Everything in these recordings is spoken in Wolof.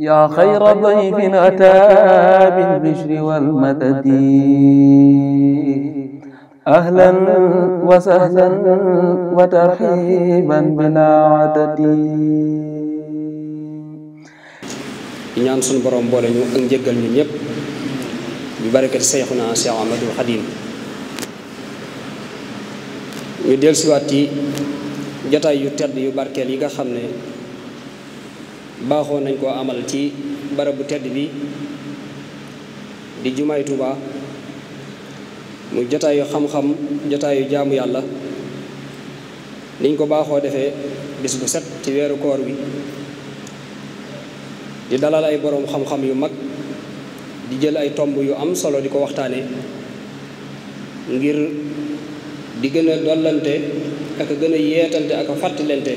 yaa xayra dayfin ataa bil bishri wal madadi ahlan wa sahlan wa tarxiiban bilaa adadi ñaan suñu borom boole ñu ak njëggal ñun ñëpp bi barakati Seyxuna Seex Ahmadul Xadiim ñu dellusiwaat ci jotaay yu tedd yu barkeel yi nga xam ne baaxoo nañ koo amal ci barabu tedd bi di jumaay Tuuba muy jotaayu xam-xam jotaayu jaamu yàlla niñ ko baaxoo defee bis bu set ci weeru koor bi di dalal ay boroom xam-xam yu mag di jël ay tomb yu am solo di ko waxtaane ngir di gën a dollante ak a gën a yeetante ak a fàttalente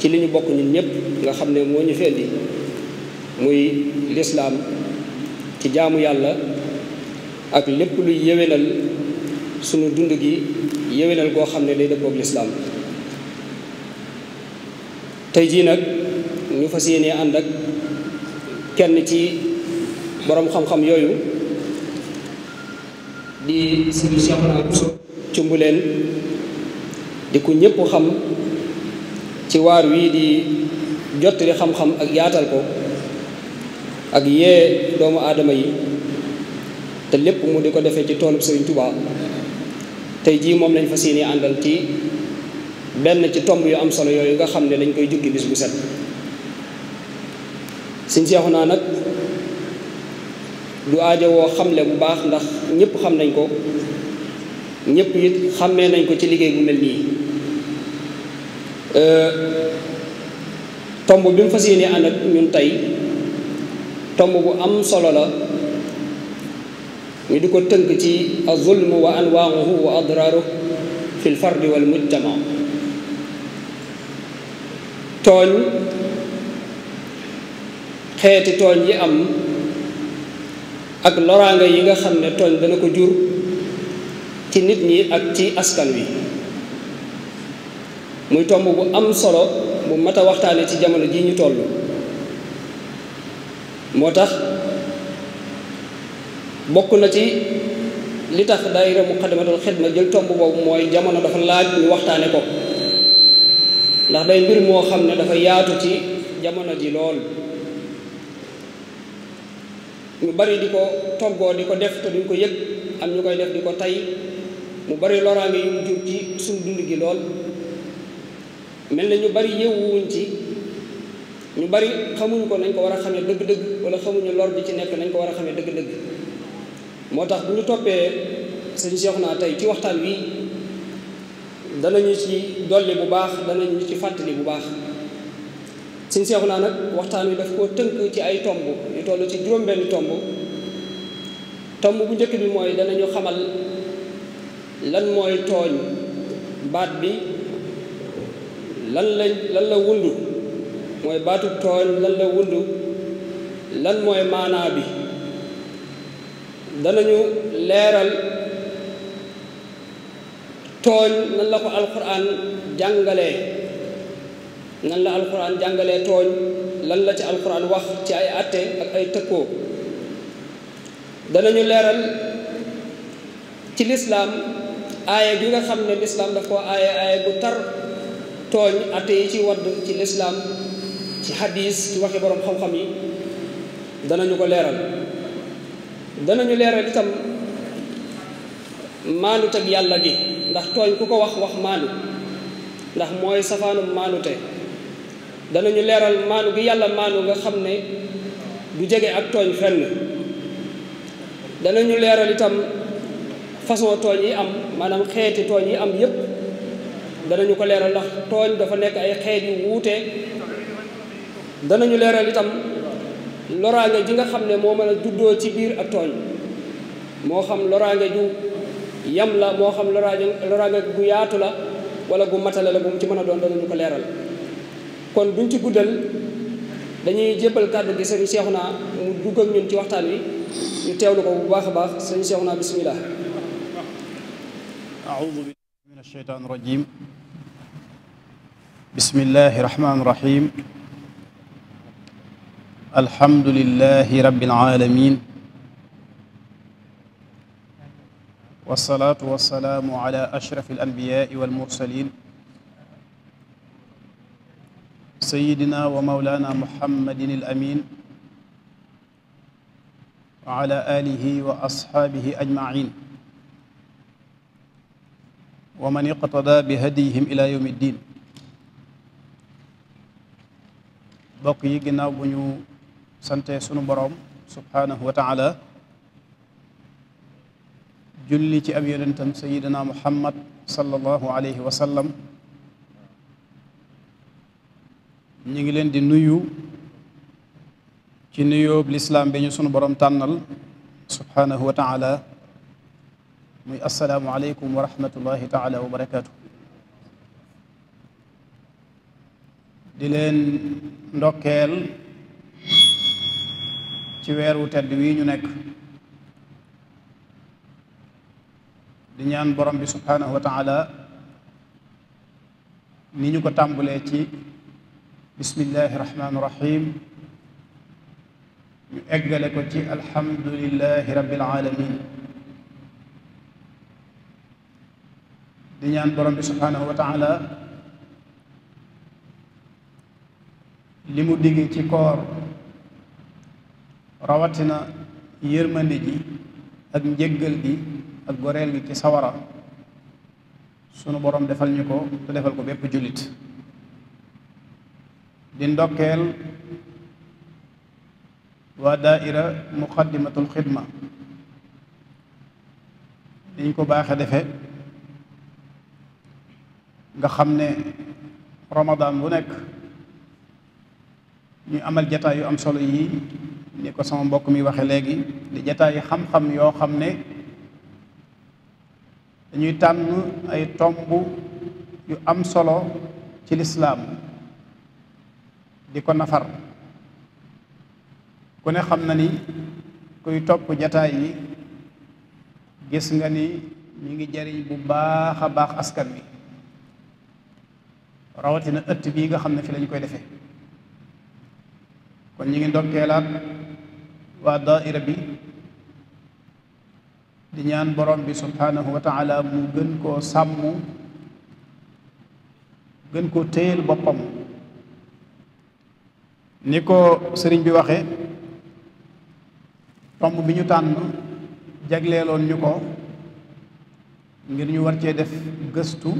ci li ñu bokk ñun ñëpp nga xam ne moo ñu fendi muy lislaam ci jaamu yàlla ak lépp lu yéwénal sunu dund gi yéwénal koo xam ne day dëppoog lislaam tey jii nag ñu fas yéene ànd ak kenn ci boroom xam-xam yooyu di sëriñ Cheikhouna di ku ñëpp xam ci waar wii di jottali xam-xam ak yaatal ko ak yee doomu aadama yi te lépp mu di ko defee ci toolub Sëriñ Tuubaa tey jii moom lañ fa yéene àndal ci benn ci tomb yu am solo yooyu nga xam ne dañ koy jukki bis bu set Sëriñ naa nag du aajo woo xamle bu baax ndax ñépp xam nañ ko ñëpp it xàmmee nañ ko ci liggéey bu mel nii Euh, tomb bi mu fas yéene ñun tey tomb bu am solo la ñu di ko tënk ci azulmu wa anwaahu wa adraaru fil fardi wal mujtama tooñ xeeti tooñ yi am ak loraanga yi nga xam ne tooñ dana ko jur ci nit ñi ak ci askan wi muy tomb bu am solo bu mat a waxtaane ci jamono ji ñu toll moo tax bokk na ci li tax daayira Muqaddamatul ma jël tomb boobu mooy jamono dafa laaj ñu waxtaane ko ndax day mbir moo xam ne dafa yaatu ci jamono ji lool mu bari di ko toggoo di ko def te duñ ko yëg am ñu koy def di ko tey mu bari loraange yu mu jur ci suñu dund gi lool mel na ñu bari yewwuñ ci ñu bari xamuñ ko nañ ko war a xamee dëgg-dëgg wala xamuñu lor bi ci nekk nañ ko war a xame dëgg-dëgg moo tax bu ñu toppee sëñ Cheikh naa tey ci waxtaan wi danañu ci dolli bu baax danañu ci fàttali bu baax sëñ Cheikh naa nag waxtaan wi daf koo tënk ci ay tomb yu toll ci juróom-benn tomb tomb bu njëkk bi mooy danañu xamal lan mooy tooñ baat bi lan la lan la wundu mooy baatu tooñ lan la wundu lan mooy maanaa bi danañu leeral tooñ nan la ko alquran jàngalee la alquran jàngalee tooñ lan la ci alquran wax ci ay atte ak ay tëkkoo ñu leeral ci lislaam aaya bi nga xam ne lislaam daf koo aaya aaya bu tar tooñ atte yi ci wadd ci lislaam ci hadis ci waxi borom xam-xam yi danañu ko leeral danañu leeral itam maanute ak yàlla gi ndax tooñ ku ko wax wax maanu ndax mooy safaanu maanute danañu leeral maanu gi yàlla maanu nga xam ne du jege ak tooñ fenn danañu leeral itam façon tooñ yi am maanaam xeeti tooñ yi am yépp danañu ko leeral ndax tooñ dafa nekk ay xeet yu wuute ñu leeral itam loraange ji nga xam ne moo mën a juddoo ci biir ak tooñ moo xam loraange ju yam la moo xam loraange loraange gu yaatu la wala gu matale la bu mu ci mën a doon danañu ko leeral kon duñ ci guddal dañuy jébbal kàddu gi seexu naa mu dugg ak ñun ci waxtaan wi ñu teewlu ko bu baax a baax sëriñ Seexuna bisimilah. أعوذ بالله من الشيطان الرجيم بسم الله الرحمن الرحيم الحمد لله رب العالمين والصلاة والسلام على أشرف الأنبياء والمرسلين سيدنا ومولانا محمد الأمين وعلى آله وأصحابه أجمعين ومن اقتدى بهديهم إلى يوم الدين bokk yi ginnaaw bu ñu sante sunu boroom subhaanahu wa taala julli ci ab yonentam sayidina muhammad sallallahu alayhi wa sallam ñu ngi leen di nuyu ci nuyóob lislaam bi ñu sunu boroom tànnal subhaanahu wa taala muy asalaamu aleykum wa rahmatullahi taala wa barakaatu di leen ndokkeel ci weeru tedd wi ñu nekk di ñaan borom bi subhaanahu wa taala ni ñu ko tàmbalee ci bismillahi rahmaani rahim ñu eggale ko ci alhamdulillahi rabbil alamin di ñaan borom bi subhaanahu wa taala li mu digg ci koor rawatina yërmande ji ak njëggal gi ak goreel gi ci sawara sunu borom defal ñu ko te defal ko bépp jullit di ndokkeel waa daaira muqaddimatul xidma niñ ko baaxe defe nga xam ne ramadan bu nekk ñu amal jataay yu am solo yi ni ko sama mbokk mi waxe léegi di jataay yi xam-xam yoo xam ne dañuy tànn ay tomb yu am solo ci lislaam di ko nafar ku ne xam na ni kuy topp jataay yi gis nga ni ñu ngi jariñ bu baax a baax askan wi rawatina ëtt bii nga xam ne fi lañu koy defee kon ñu ngi ndokkeelaat waa daaira bi di ñaan borom bi subhaanahu wa mu gën koo sàmm gën koo téyel boppam ni ko sëriñ bi waxe tomb bi ñu tànn jagleeloon ñu ko ngir ñu war cee def gëstu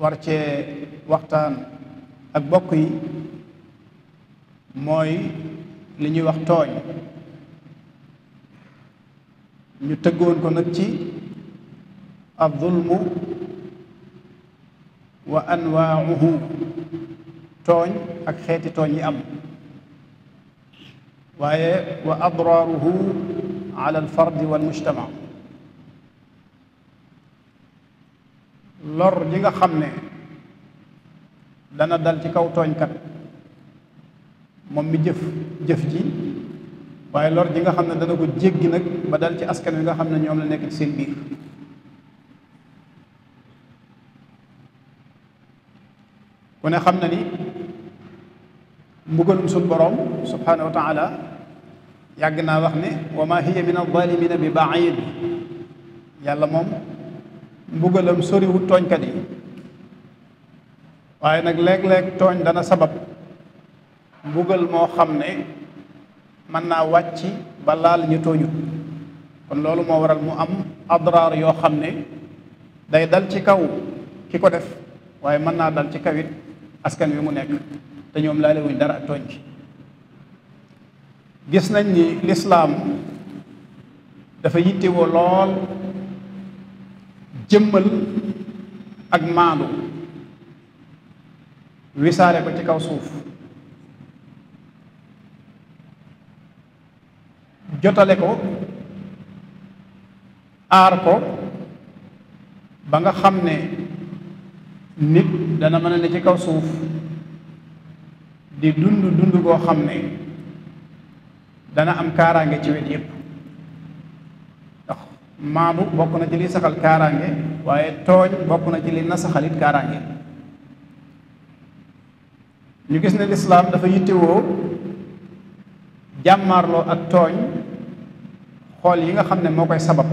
war cee waxtaan ak bokk yi mooy li ñuy wax tooñ ñu tëggoon ko nag ci al zulmu wa anwaauhu tooñ ak xeeti tooñ yi am waaye wa adraaruhu ala al fardi wal mujtama lor yi nga xam ne dana dal ci kaw tooñkat moom mi jëf jëf ji waaye lor ji nga xam ne dana ko jéggi nag ba dal ci askan wi nga xam ne ñoom la nekk ci seen biir ku ne xam na ni mbugalum suñ boroom subhaanahu wa taala yàgg naa wax ne wa ma hiya min alzalimina bi baid yàlla moom mbugalam soriwu tooñkat yi waaye nag léeg lekk tooñ dana sabab mbugal moo xam ne mën naa wàcc ba laal ñu tooñut kon loolu moo waral mu am adraar yoo xam ne day dal ci kaw ki ko def waaye mën naa dal ci kawit askan wi mu nekk te ñoom laalewuñ dara ak tooñ gis nañ ni lislaam dafa yittewoo lool jëmmal ak maandu wisaare ko ci kaw suuf jotale ko aar ko ba nga xam ne nit dana mën a ne ci kaw suuf di dund dund koo xam ne dana am kaaraange ci wet yépp ndax bokk na ci li saxal kaaraange waaye tooñ bokk na ci li na saxalit kaaraange ñu gis ne lislaam dafa yittewoo jàmmaarloo ak tooñ xool yi nga xam ne moo koy sabab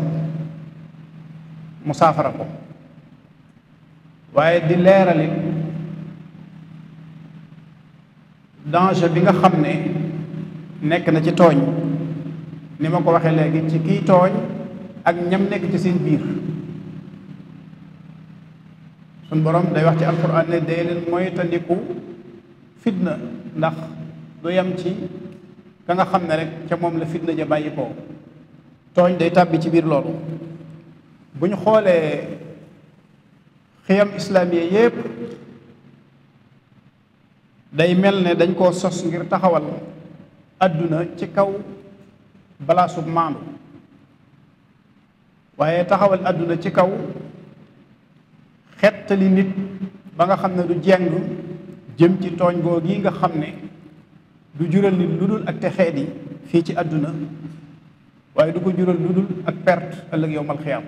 mu saafara ko waaye di leerali danger bi nga xam ne nekk na ci tooñ ni ma ko waxee léegi ci kii tooñ ak ñam nekk ci seen biir suñ borom day wax ci alquran ne day leen moytandiku fitna ndax du yam ci ka nga xam ne rek ca moom la fitna ja bàyyi ko tooñ day tàbbi ci biir loolu bu ñu xoolee xiyam islaamiye yépp day mel ne dañ koo sos ngir taxawal àdduna ci kaw balaasub maandu waaye taxawal àdduna ci kaw xettali nit ba nga xam ne du jeng jëm ci tooñ googu nga xam ne du jural nit lu dul ak texeet yi fii ci adduna waaye du ko jural lu dul ak perte ëllëg yow mal xiyaam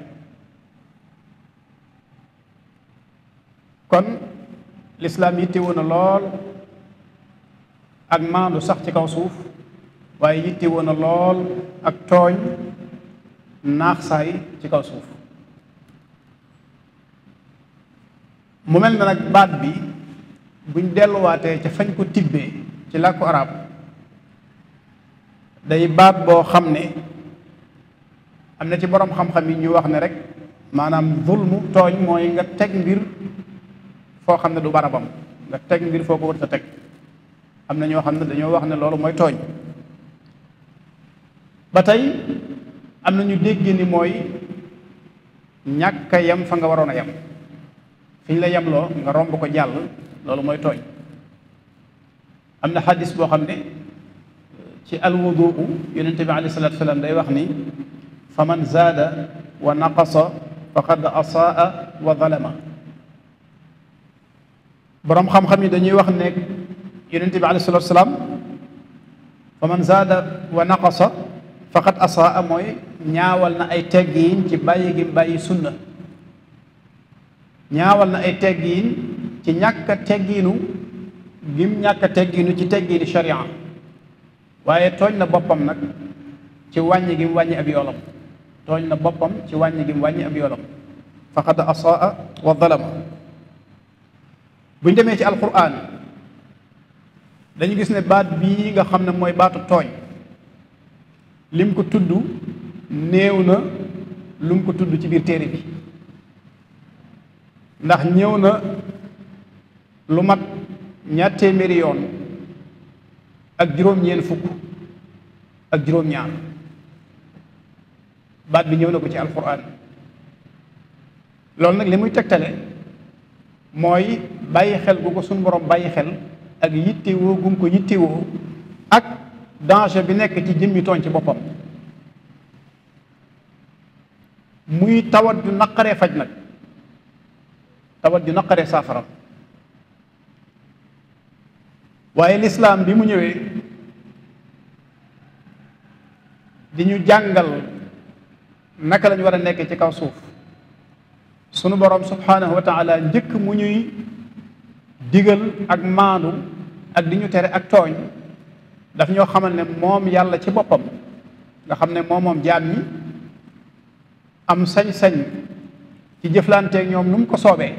kon lislaam yitte woon na lool ak maandu sax ci kaw suuf waaye yitte woon na lool ak tooñ naax saay ci kaw suuf mu mel na nag baat bi buñ delluwaatee ca fañ ko tibbee ci làkku arab day baat boo xam ne am na ci boroom xam-xam yi ñu wax ne rek maanaam zulmu tooñ mooy nga teg mbir foo xam ne du barabam nga teg mbir foo ko war sa teg am na ñoo xam ne dañoo wax ne loolu mooy tooñ ba tey am na ñu dégg ni mooy ñàkk yam fa nga waroon a yem fiñ ñu la loo nga romb ko jàll loolu mooy tooñ am na xadis boo xam ne ci alwudu yonente bi alayhi salaatu salaam day wax nii fa man zaada wa naqasa faqad asaa wa zalama boroom xam-xam yi dañuy wax ne yonente bi alayhi salatu wasalaam fa man zaada wa naqasa faqad asaa mooy ñaawal na ay teggiin ci bàyyi gi bàyyi sunna ñaawal na ay teggiin ci ñàkk a gim ñàkk a ci teggiini sharia waaye tooñ na boppam nag ci wàññi gi wàññi ab tooñ na boppam ci wàññi gi mu wàññi ab yoonam faqad asaa wa zalama buñ demee ci alquran dañu gis ne baat bii nga xam ne mooy baatu tooñ lim ko tudd néew na lum ko tudd ci biir téere bi ndax ñëw na lu mat ñaar téeméeri yoon ak juróom-ñeent fukk ak juróom-ñaar baat bi ñëw na ko ci alquran loolu nag li muy tegtale mooy bàyyi xel gu ko suñ boroom bàyyi xel ak yittewoo gum ko yittewoo ak danger bi nekk ci jëmmi tooñ ci boppam muy tawat ju naqaree faj nag tawat ju naqaree saafara waaye lislaam bi mu ñëwee di ñu jàngal naka lañ war a nekk ci kaw suuf sunu borom subhanahu wa taala njëkk mu ñuy digal ak maandu ak di ñu tere ak tooñ daf ñoo xamal ne moom yàlla ci boppam nga xam ne moom moom jaam ñi am sañ-sañ ci jëflanteeg ñoom nu ko soobee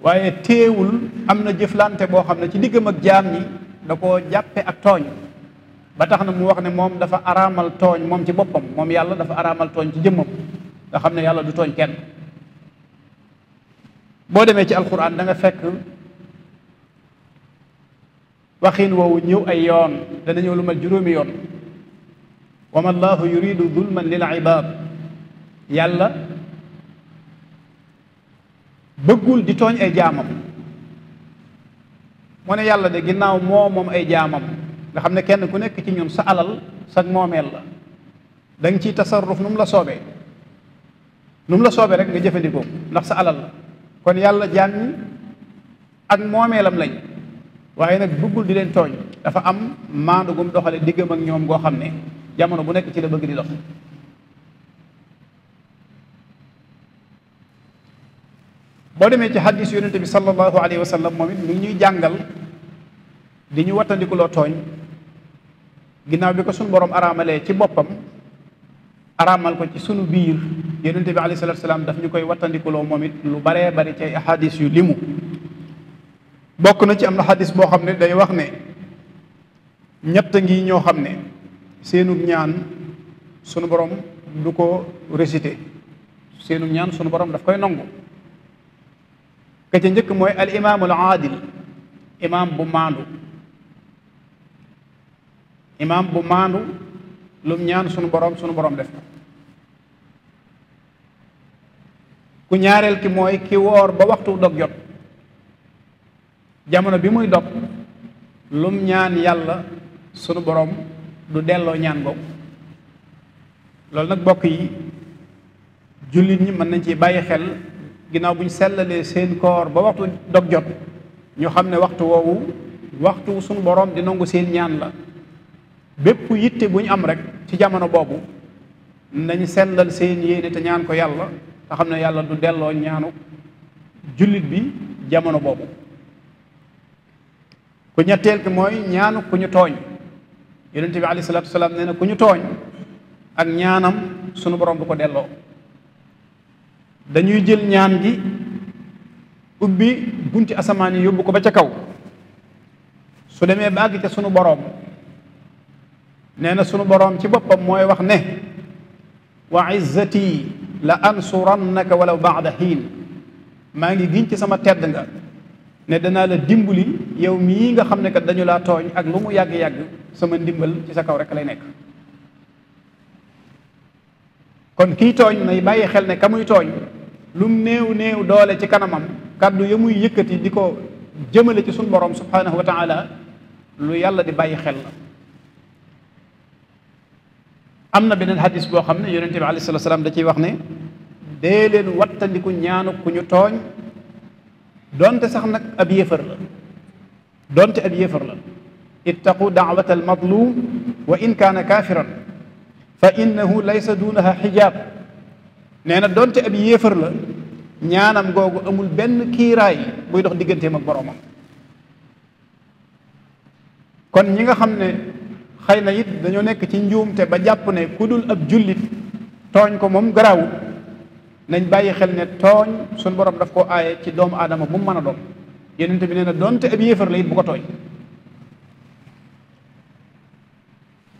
waaye téewul am na jëflante boo xam ne ci diggam ak jaam ñi da koo jàppe ak tooñ ba tax na mu wax ne moom dafa araamal tooñ moom ci boppam moom yàlla dafa araamal tooñ ci jëmmam nga xam ne yàlla du tooñ kenn boo demee ci alquran danga nga fekk waxiin woowu ñëw ay yoon dana ñëw lu mal juróomi yoon wa ma allahu yuridu zulman lil ibad yàlla bëggul di tooñ ay jaamam mu ne yàlla de ginnaaw moo moom ay jaamam nga xam ne kenn ku nekk ci ñoom sa alal sa moomeel la da nga ciy tasarruf nu la soobe nu la soobee rek nga jëfandikoo ndax sa alal kon yàlla jàng ak moomeelam lañ waaye nag bëggul di leen tooñ dafa am maandu gum doxale diggam ak ñoom goo xam ne jamono bu nekk ci la bëgg di dox boo demee ci xadis yonente bi sallallahu alayhi wa sallam moom it mi ñuy jàngal di ñu wattandikuloo tooñ ginnaaw bi ko sunu borom araamalee ci boppam araamal ko ci sunu biir yeneen bi alayhi salaatu salaam daf ñu koy wattandikuloo moom it lu baree bari ci ay ahadis yu limu bokk na ci am na xadis boo xam ne day wax ne ñett ngi ñoo xam ne seenug ñaan sunu borom du ko récité seenug ñaan sunu borom daf koy nangu ka ca njëkk mooy al imaamul aadil imaam bu maandu imaam bu maandu lum ñaan sunu borom sunu borom def ko ku ñaareel ki mooy ki woor ba waxtu dog jot jamono bi muy dog lum ñaan yàlla sunu boroom du delloo ñaan googu loolu nag bokk yi jullit ñi mën nañ ci bàyyi xel ginnaaw bu ñu sellalee seen koor ba waxtu dog jot ñu xam ne waxtu woowu waxtu sunu boroom di nangu seen ñaan la bépp yitte bu ñu am rek ci jamono boobu nañ sendal seen yéene te ñaan ko yàlla te xam ne yàlla du delloo ñaanu jullit bi jamono boobu ku ñetteel ki mooy ñaanu ku ñu tooñ yonent bi alayhi salaatu salaam ku ñu tooñ ak ñaanam sunu borom du ko delloo dañuy jël ñaan gi ubbi bunti asamaan yi yóbbu ko ba ca kaw su demee ba àgg ca sunu borom. nee na sunu boroom ci boppam mooy wax ne wa izzati la na ansurannaka walaw baada xiin maa ngi giñ ci sama tedd nga ne danaa la dimbali yow mii nga xam ne kat dañu laa tooñ ak lu mu yàgg-yàgg sama ndimbal ci sa kaw rekk lay nekk kon kii tooñ nay bàyyi xel ne ka muy tooñ lum néew néew doole ci kanamam kàddu ya muy yëkkati di ko jëmale ci sunu boroom subhaanahu wa taala lu yàlla di bàyyi xel la am na beneen hadis boo xam ne yonente bi alayhi salaatu salaam da ciy wax ne dee leen wattandiku ñaanu ku ñu tooñ donte sax nag ab yéefar la donte ab yéefar la ittaqu daawata al madlum wa in kaana kaafiran fa innahu laysa duunaha xijaab nee na donte ab yéefar la ñaanam googu amul benn kiiraay buy dox digganteem ak boroomam kon ñi nga xam ne xëy na it dañoo nekk ci njuumte ba jàpp ne ku dul ab jullit tooñ ko moom garaawul nañ bàyyi xel ne tooñ suñ borom daf ko aaye ci doomu aadama bu mu mën a doon yonent bi nee na donte ab yéefar la bu ko tooñ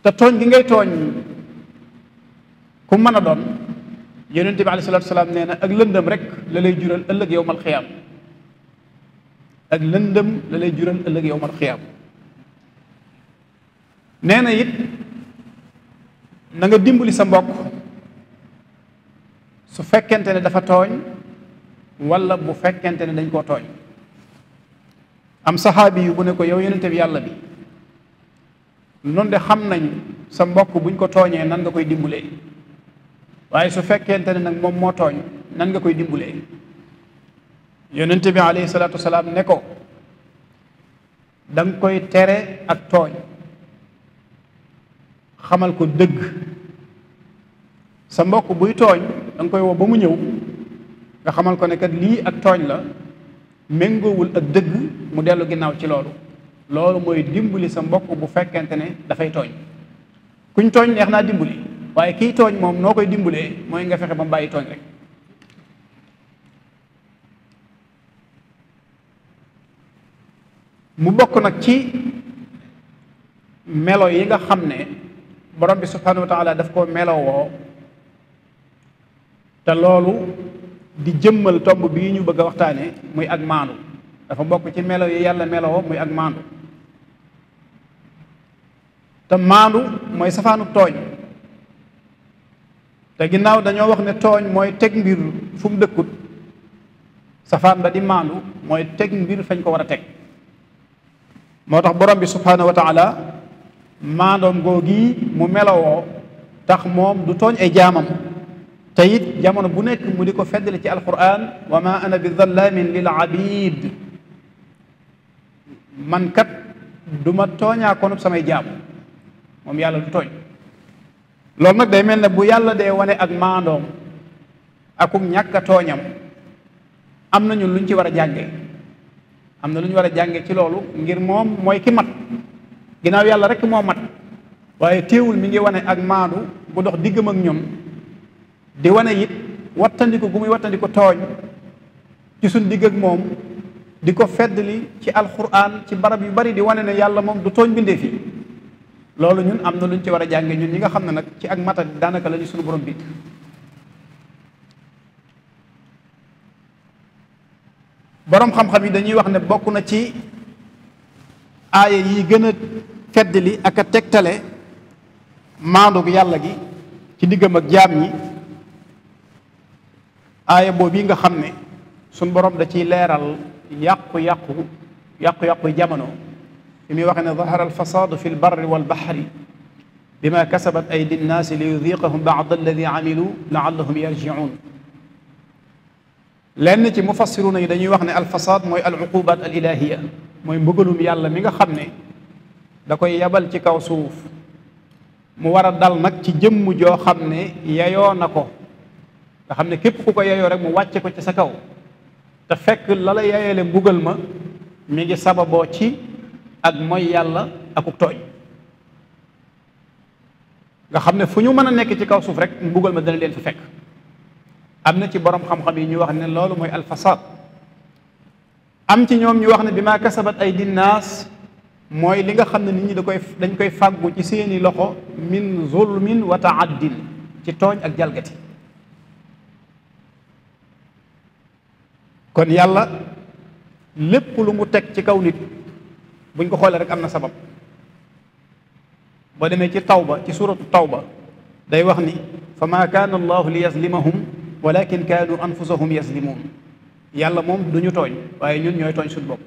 te tooñ gi ngay tooñ ku mën a doon yonent bi alayhi salaatu salaam nee na ak lëndëm rek la lay jural ëllëg yowmal xiyaam ak lëndëm la lay jural ëllëg yowmal xiyaam nee na it na dimbali sa mbokk su fekkente ne dafa tooñ wala bu fekkente ne dañ koo tooñ am saxaabi yu bu ne ko yow yonente yàlla bi noonu de xam nañ sa mbokk buñ ko tooñee nan nga koy dimbulee waaye su fekkente ne nag moom moo tooñ nan nga koy dimbulee yonente bi alayhi salaatu salaam ne ko da koy tere ak tooñ xamal ko dëgg sa mbokk buy tooñ da koy woo ba mu ñëw nga xamal ko ne kat lii ak tooñ la méngoowul ak dëgg mu dellu ginnaaw ci loolu loolu mooy dimbali sa mbokk bu fekkente ne dafay tooñ kuñ tooñ neex naa dimbali waaye kiy tooñ moom noo koy dimbalee mooy nga fexe ba mu bàyyi tooñ rek mu bokk nag ci melo yi nga xam ne borom bi subhanahu wa taala daf koo melowoo te loolu di jëmmal tomb bi ñu bëgg a waxtaane muy ak maandu dafa bokk ci melow yi yàlla melowoo muy ak maandu te maandu mooy safaanu tooñ te ginnaaw dañoo wax ne tooñ mooy teg mbir fu mu dëkkut safaan ba di maandu mooy teg mbir fañ ko war a teg moo tax borom bi subhanahu wa maandoom googi mu melowoo tax moom du tooñ ay jaamam te it jamono bu nekk mu di ko feddali ci alquran wa ma ana bi zallamin lil abid man kat du ma tooñaa samay jaam moom yàlla du tooñ loolu nag day mel ne bu yàlla dee wane ak maandoom akum ñàkk tooñam am na ñun luñ ci war a jànge am na lu ñu war a jànge ci loolu ngir moom mooy ki mat ginnaaw yàlla rekk moo mat waaye téewul mi ngi wane ak maandu bu dox diggam ak ñoom di wane it wattandiku gu muy wattandiku tooñ ci suñ digg ak moom di ko feddli ci alxuraan ci barab yu bari di wane ne yàlla moom du tooñ bindee fii loolu ñun am na luñ ci war a jànge ñun ñi nga xam ne nag ci ak mata daanaka la ñu suñu borom bi borom xam-xam yi dañuy wax ne bokk na ci aaya yi gën a feddali ak a tegtale maandug yàlla gi ci diggam ak jaam ñi aaya boobu yi nga xam ne suñ borom da ciy leeral yàqu-yàqu yàqu-yàqu jamono li muy waxe ne zahara alfasadu fi lbarri walbahri bima kasabat aydi nnaasi li yudiqahum bad alladi amilu laallahum yarjiun lenn ci mufassiruna yi dañuy wax ne alfasad mooy aluqubat alilahiya mooy mbugalum yàlla mi nga xam ne da koy yabal ci kaw suuf mu war a dal nag ci jëmm joo xam ne yayoo na ko nga xam ne képp ku ko yayoo rek mu wàcce ko ci sa kaw te fekk la la yayale mbugal ma mi ngi sababoo ci ak mooy yàlla akuk tooñ nga xam ne fu ñu mën a nekk ci kaw suuf rek mbugal ma dana leen fi fekk am na ci boroom xam-xam yi ñu wax ne loolu mooy alfasad am ci ñoom ñu wax ne bi maa kasabat ay dinnaas mooy li nga xam ne nit ñi da koy dañ koy fàggu ci seeni loxo min zulmin wa taaddin ci tooñ ak jalgati kon yàlla lépp lu mu teg ci kaw nit buñ ko xoolee rek am na sabab boo demee ci tawba ci suratu tawba day wax ni fa ma kaana allahu li yazlimahum walakin kaanu anfusahum yazlimuun yàlla moom du tooñ waaye ñun ñooy tooñ suñu bopp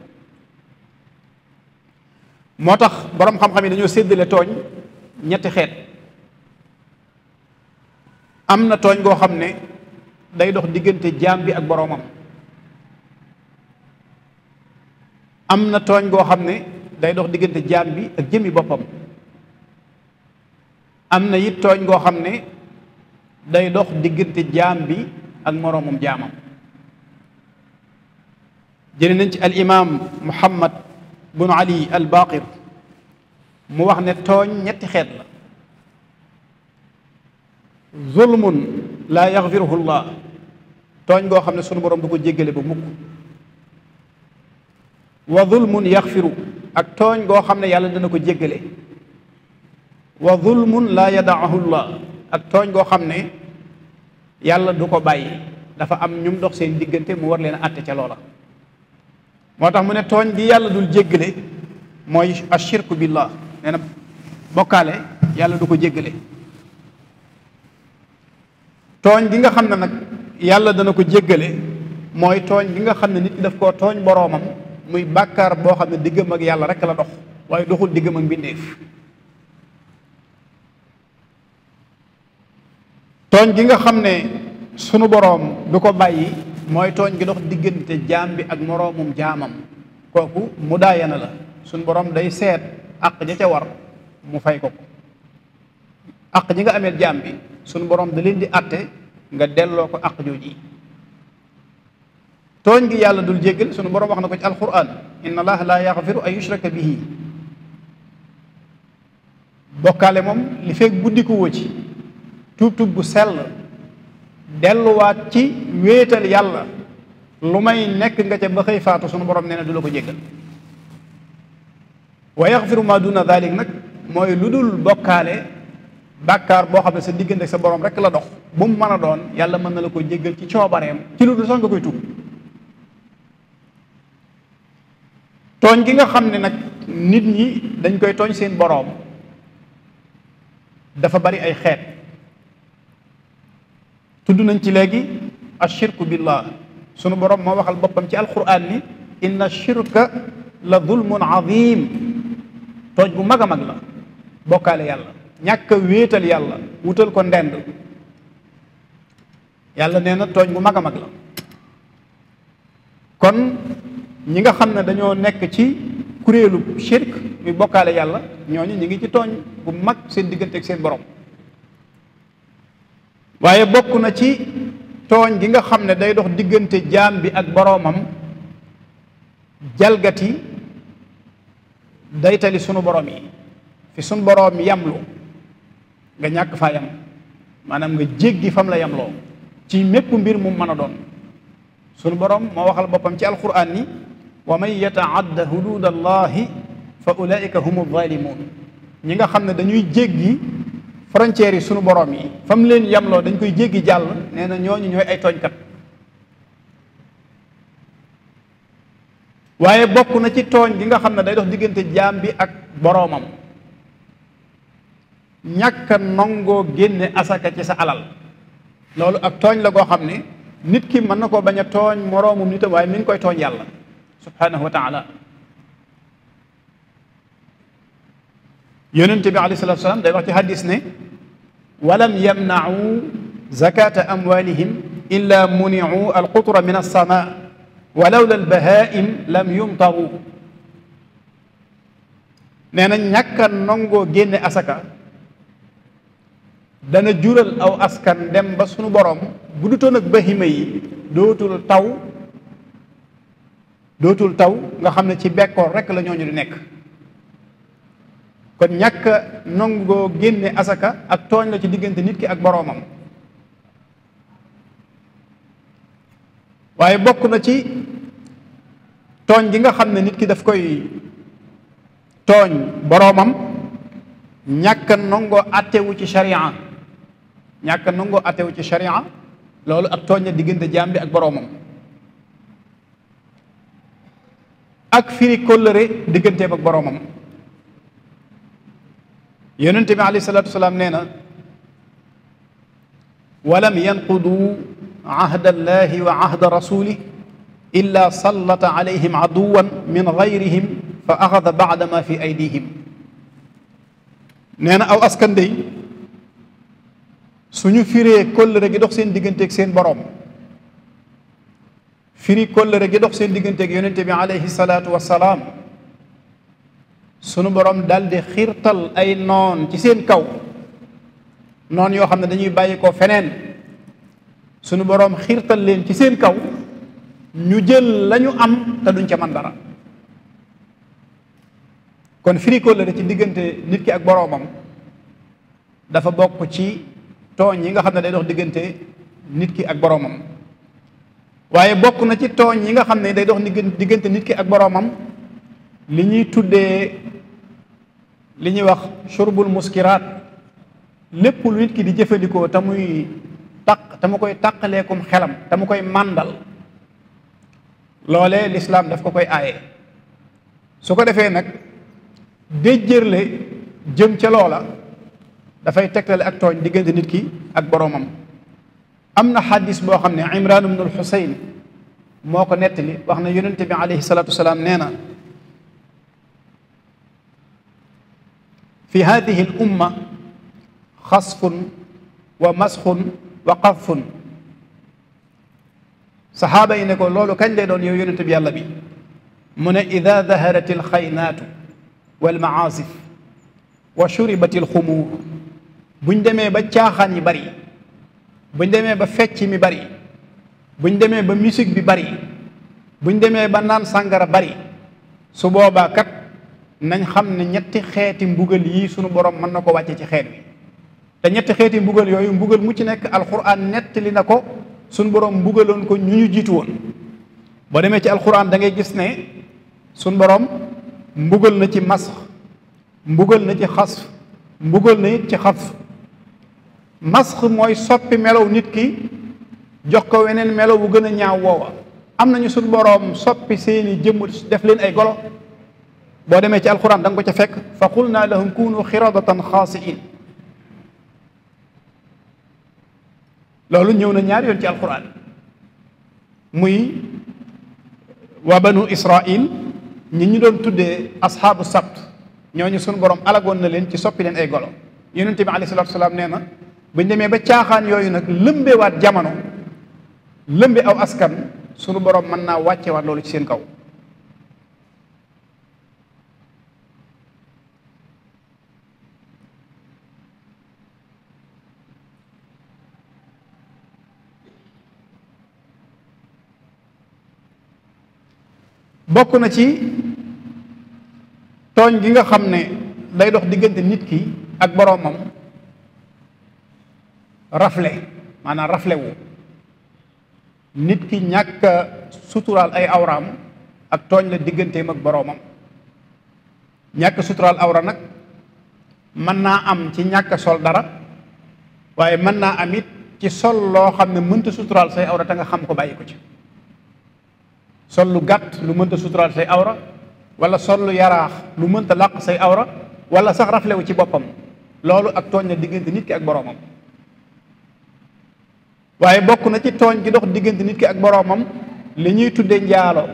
moo tax boroom xam-xam yi dañoo séddale tooñ ñetti xeet am na tooñ goo xam ne day dox diggante jaam bi ak boroomam am na tooñ goo xam ne day dox diggante jaam bi ak jëmi boppam am na yit tooñ goo xam ne day dox diggante jaam bi ak moroomam jaamam jële nañ ci al imam muhammad bunu ali al mu wax ne tooñ ñetti xeet la zulmun laa yaxfiruhu llah tooñ goo xam ne sunu borom du ko jéggale ba mukk wa zulmun yaxfiru ak tooñ goo xam ne yàlla dana ko jéggale wa zulmun laa yadaahu llah ak tooñ goo xam ne yàlla du ko bàyyi dafa am ñum dox seen diggante mu war leen a àtte ca loola moo tax mu ne tooñ bi yàlla dul jéggale mooy ashirku billah nee na bokkaale yàlla du ko jéggale tooñ gi nga xam ne nag yàlla dana ko jéggale mooy tooñ gi nga xam ne nit def daf koo tooñ boroomam muy bàkkaar boo xam ne diggam ak yàlla rek la dox waaye doxul diggam ak mbindéef tooñ gi nga xam ne sunu boroom du ko bàyyi mooy tooñ gi dox diggante jaam bi ak moroomum jaamam kooku mu daayana la suñ boroom day seet àq ja ca war mu fay ko ko àq ji nga ameel jaam bi boroom borom da leen di àtte nga delloo ko àq jooji tooñ gi yàlla dul jéggal suñu borom wax na ko ci alquran inna allaha la yaxfiru ay yushraka bihi bokkaale moom li fekk guddi ko ci tuub tuub bu sell delluwaat ci wéetal yàlla lu may nekk nga ca ba xëy faatu sunu borom nee na du la ko jéggal wa yaxfiru ma na dalik nag mooy lu dul bokkaale bàkkaar boo xam ne sa diggante sa borom rek la dox bu mu mën a doon yàlla mën na la ko jéggal ci coobareem ci lu dul sax nga koy tuub tooñ gi nga xam ne nag nit ñi dañ koy tooñ seen boroom dafa bari ay xeet du nañ ci léegi ashirku billah sunu borom moo waxal boppam ci alquran ni inna shirka la zulmun azim tooj bu mag a mag la bokkaale yàlla ñàkk a wéetal yàlla wutal ko ndend yàlla nee na tooñ bu mag a mag la kon ñi nga xam ne dañoo nekk ci kuréelu shirk muy bokkaale yàlla ñooñu ñi ngi ci tooñ bu mag seen diggante ak seen borom waaye bokk na ci tooñ gi nga xam ne day dox diggante jaam bi ak boroomam jalgati day tali sunu boroom yi fi sunu boroom yamlu nga ñàkk faa yam maanaam nga jéggi fam la yamloo ci mépp mbir mu mën a doon sunu boroom moo waxal boppam ci alquran ni wa man yataadda hudud allahi fa ulaika humu zalimun ñi nga xam ne dañuy jéggi frontières yi sunu boroom yi fa mu leen yamloo dañ koy jéggi jàll nee na ñooñu ñooy ay tooñkat waaye bokk na ci tooñ gi nga xam ne day dox diggante jaam bi ak boroomam ñàkk a nongoo génne asaka ci sa alal loolu ak tooñ la goo xam ne nit ki mën na ko bañ a tooñ moroomum nitam waaye mi koy tooñ yàlla subhanahu wa taala yonent bi alayhi salaatu salaam day wax ci hadis ne walam yamnau zakata amwalihim illa muniu alqutra min alsama wa lawla albahaim lam yumtaru nee na ñàkk génne asaka dana jural aw askan dem ba sunu borom bu dutoon ak bahima yi dootul taw dootul taw nga xam ne ci bekkoor rekk la ñooñu di nekk kon ñàkk a nangoo génne asaka ak tooñ la ci diggante nit ki ak boroomam waaye bokk na ci tooñ gi nga xam ne nit ki daf koy tooñ boroomam ñàkk a nangoo attewu ci sharia ñàkk a nangoo attewu ci sharia loolu ak tooñ la diggante jaam ak boroomam ak firi kóllëre digganteem ak boroomam yonente bi alayhi salaatu wasalaam nee na walam yanqudu ahda allahi wa ahda rasulih illa sallata alayhim aduwan min gayrihim fa axada baada ma fi aydihim nee na aw askan dey suñu firee kóllëre gi dox seen digganteeg seen boroom firi kóllëre gi dox seen digganteeg yonente bi alayhi salaatu wasalaam sunu borom daldi xiirtal ay noon ci seen kaw noon yoo xam ne dañuy bàyyi ko feneen suñu boroom xiirtal leen ci seen kaw ñu jël lañu am te duñ ca man dara kon firi ci diggante nit ki ak boroomam dafa bokk ci tooñ yi nga xam ne day dox diggante nit ki ak boroomam waaye bokk na ci tooñ yi nga xam ne day dox diggante nit ki ak boroomam li ñuy tuddee li ñuy wax shurbul muskiraat lépp lu nit ki di jëfandikoo te muy taq te mu koy tàqaleekum xelam te koy màndal loole lislaam daf ko koy aaye su ko defee nag déjjërle jëm ca loola dafay tegtale ak tooñ diggante nit ki ak boroomam am na xadis boo xam ne imran ibnul xusayn moo ko nettali wax na yonente bi alayhi salaatu wasalaam nee na في هذه الأمة خصف ومسخ وقذف saxaaba yi ne ko loolu kañ lay doon yow yonent bi yàlla bi mu ne ida daharat alxaynaatu walmaasif wa shuribat alxumuur buñ demee ba caaxaan yi bari buñ demee ba fecc mi bari buñ demee ba musique bi bari buñ demee ba naan sàngara bari su boobaa kat nañ xam ne ñetti xeeti mbugël yi sunu borom mën na ko wàcce ci xeet wi te ñetti xeeti mbugal yooyu mbugal mu ci nekk alquran nettali na ko suñu boroom mbugaloon ko ñu ñu jiitu woon boo demee ci alxuraan da ngay gis ne sunu boroom mbugal na ci masx mbugal na ci xas mbugal na ci xaf masx mooy soppi melow nit ki jox ko weneen melow bu gën a ñaaw woowa am nañu sunu boroom soppi seeni jëmm def leen ay golo boo demee ci alquran da nga ko ca fekk fa qulna lahum kunu xiradatan xaasiin loolu ñëw na ñaari yoon ci alquran muy waa banu israil ñi ñu doon tuddee asxaabu sabt ñooñu sunu borom alagoon na leen ci soppi leen ay golo yonent bi alayhi salaatu salaam nee na bañ demee ba caaxaan yooyu nag lëmbewaat jamono lëmbe aw askan sunu borom mën naa wàccewaat loolu ci seen kaw bokk na ci tooñ gi nga xam ne day dox diggante nit ki ak boroomam rafle maanaa rafle wu nit ki ñàkk suturaal ay awraam ak tooñ la digganteem ak boroomam ñàkk suturaal awra nag mën naa am ci ñàkk sol dara waaye man naa am it ci sol loo xam ne mënta suturaal say awra te nga xam ko bàyyi ko ci sol lu gàtt lu mënta suturaal say awra wala sol lu yaraax lu mënta làq say awra wala sax raflewu ci boppam loolu ak tooñ na diggante nit ki ak boroomam waaye bokk na ci tooñ gi dox diggante nit ki ak boroomam li ñuy tudde njaalo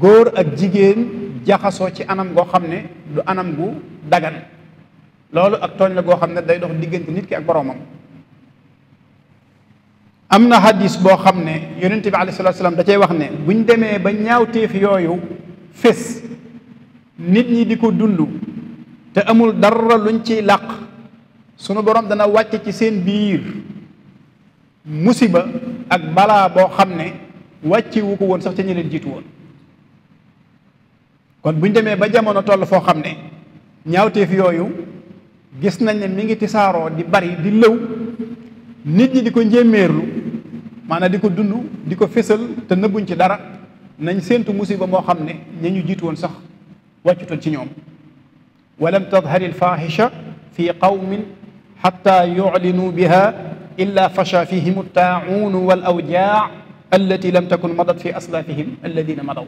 góor ak jigéen jaxasoo ci anam goo xam ne du anam gu dagan loolu ak tooñ la goo xam ne day dox diggante nit ki ak boroomam am na hadis boo xam ne yonent bi alayhi salaatu salaam da cay wax ne buñ demee ba ñaawteef yooyu fés nit ñi di ko dund te amul dara luñ ciy làq sunu borom dana wàcc ci seen biir musiba ak balaa boo xam ne wàccewu ko woon sax ca ñu leen jiitu woon kon buñ demee ba jamono toll foo xam ne ñaawteef yooyu gis nañ ne mi ngi tisaaroo di bari di lëw nit ñi di ko njéeméerlu maanaam di ko dund di ko fésal te nëbbuñ ci dara nañ séentu musiba moo xam ne ña ñu jiitu woon sax wàccutoon ci ñoom walam tadhari alfahisha fi qawmin xatta yuclinuu biha illa fasha fihim altaacuun wal awjaac allati lam takun madat fi aslaafihim alladina madaw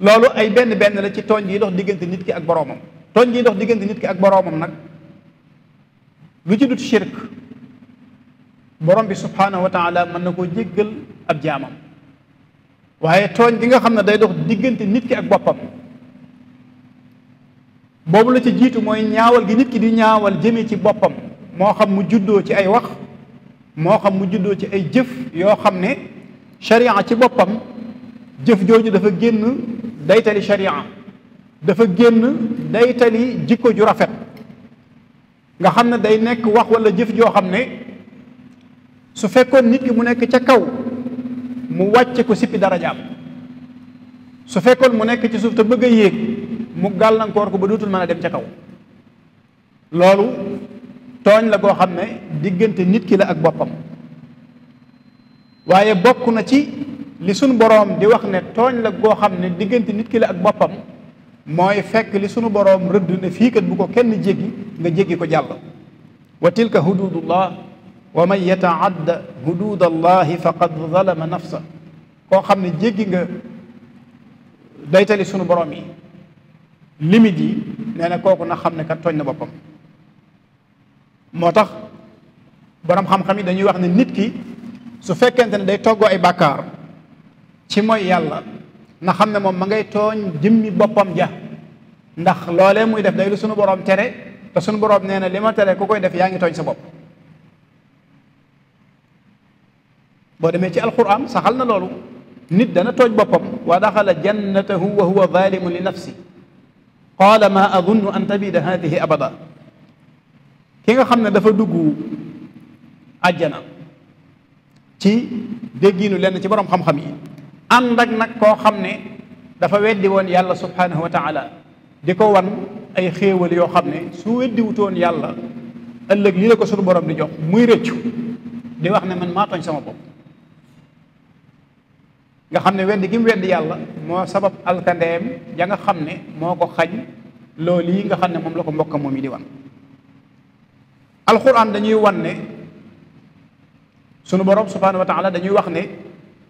loolu ay benn benn la ci tooñ yi dox diggante nit ki ak boroomam tooñ yi dox diggante nit ki ak boroomam nag lu ci dut shirk borom bi subhaanahu wa taala mën na koo jéggal ab jaamam waaye tooñ bi nga xam ne day dox diggante nit ki ak boppam boobu la ci jiitu mooy ñaawal gi nit ki di ñaawal jëmee ci boppam moo xam mu juddoo ci ay wax moo xam mu juddoo ci ay jëf yoo xam ne sharia ci boppam jëf jooju dafa génn day daytali sharia dafa génn daytali jikko ju rafet nga xam ne day nekk wax walla jëf joo xam ne su fekkoon nit ki mu nekk ca kaw mu wàcce ko sippi darajaam su fekkoon mu nekk ci suuf te bëgg a yéeg mu gàllankoor ko ba dootul mën a dem ca kaw loolu tooñ la goo xam ne diggante nit ki la ak boppam waaye bokk na ci li sunu boroom di wax ne tooñ la goo xam ne diggante nit ki la ak boppam mooy fekk li sunu boroom rëdd ne fii kat bu ko kenn jéggi nga jéggi ko jàll wa tilka hududullah wa man yataadda hudud allahi faqad zalama nafsa koo xam ne jéggi nga day daytali sunu borom yi limite yi nee na kooku na xam ne kat tooñ na boppam moo tax boroom xam-xam yi dañuy wax ne nit ki su fekkente ne day toggoo ay bakkaar ci mooy yàlla na xam ne moom ma ngay tooñ jëmmi boppam ja ndax loolee muy def day lu sunu borom tere te sunu borom nee na li ma tere ku koy def yaa ngi tooñ sa bopp boo demee ci alquran saxal na loolu nit dana tooj boppam wa daxala jannatahu wa huwa zalimun li nafsi qaala ma adunnu an tabida hadihi abada ki nga xam ne dafa dugg àjjana ci déggiinu lenn ci borom xam-xam yi ànd nag koo xam ne dafa weddi woon yàlla subhanahu wa taala di ko wan ay xéewal yoo xam ne su weddiwutoon yàlla ëllëg lii la ko sunu borom di jox muy rëccu di wax ne man maa tooñ sama bopp nga xam ne wedd gi mu wedd yàlla moo sabab alkandeem ya nga xam ne moo ko xañ loolu yi nga xam ne moom la ko mbokka moom yi di wan alquran dañuy wan ne sunu borom subhanahu dañuy wax ne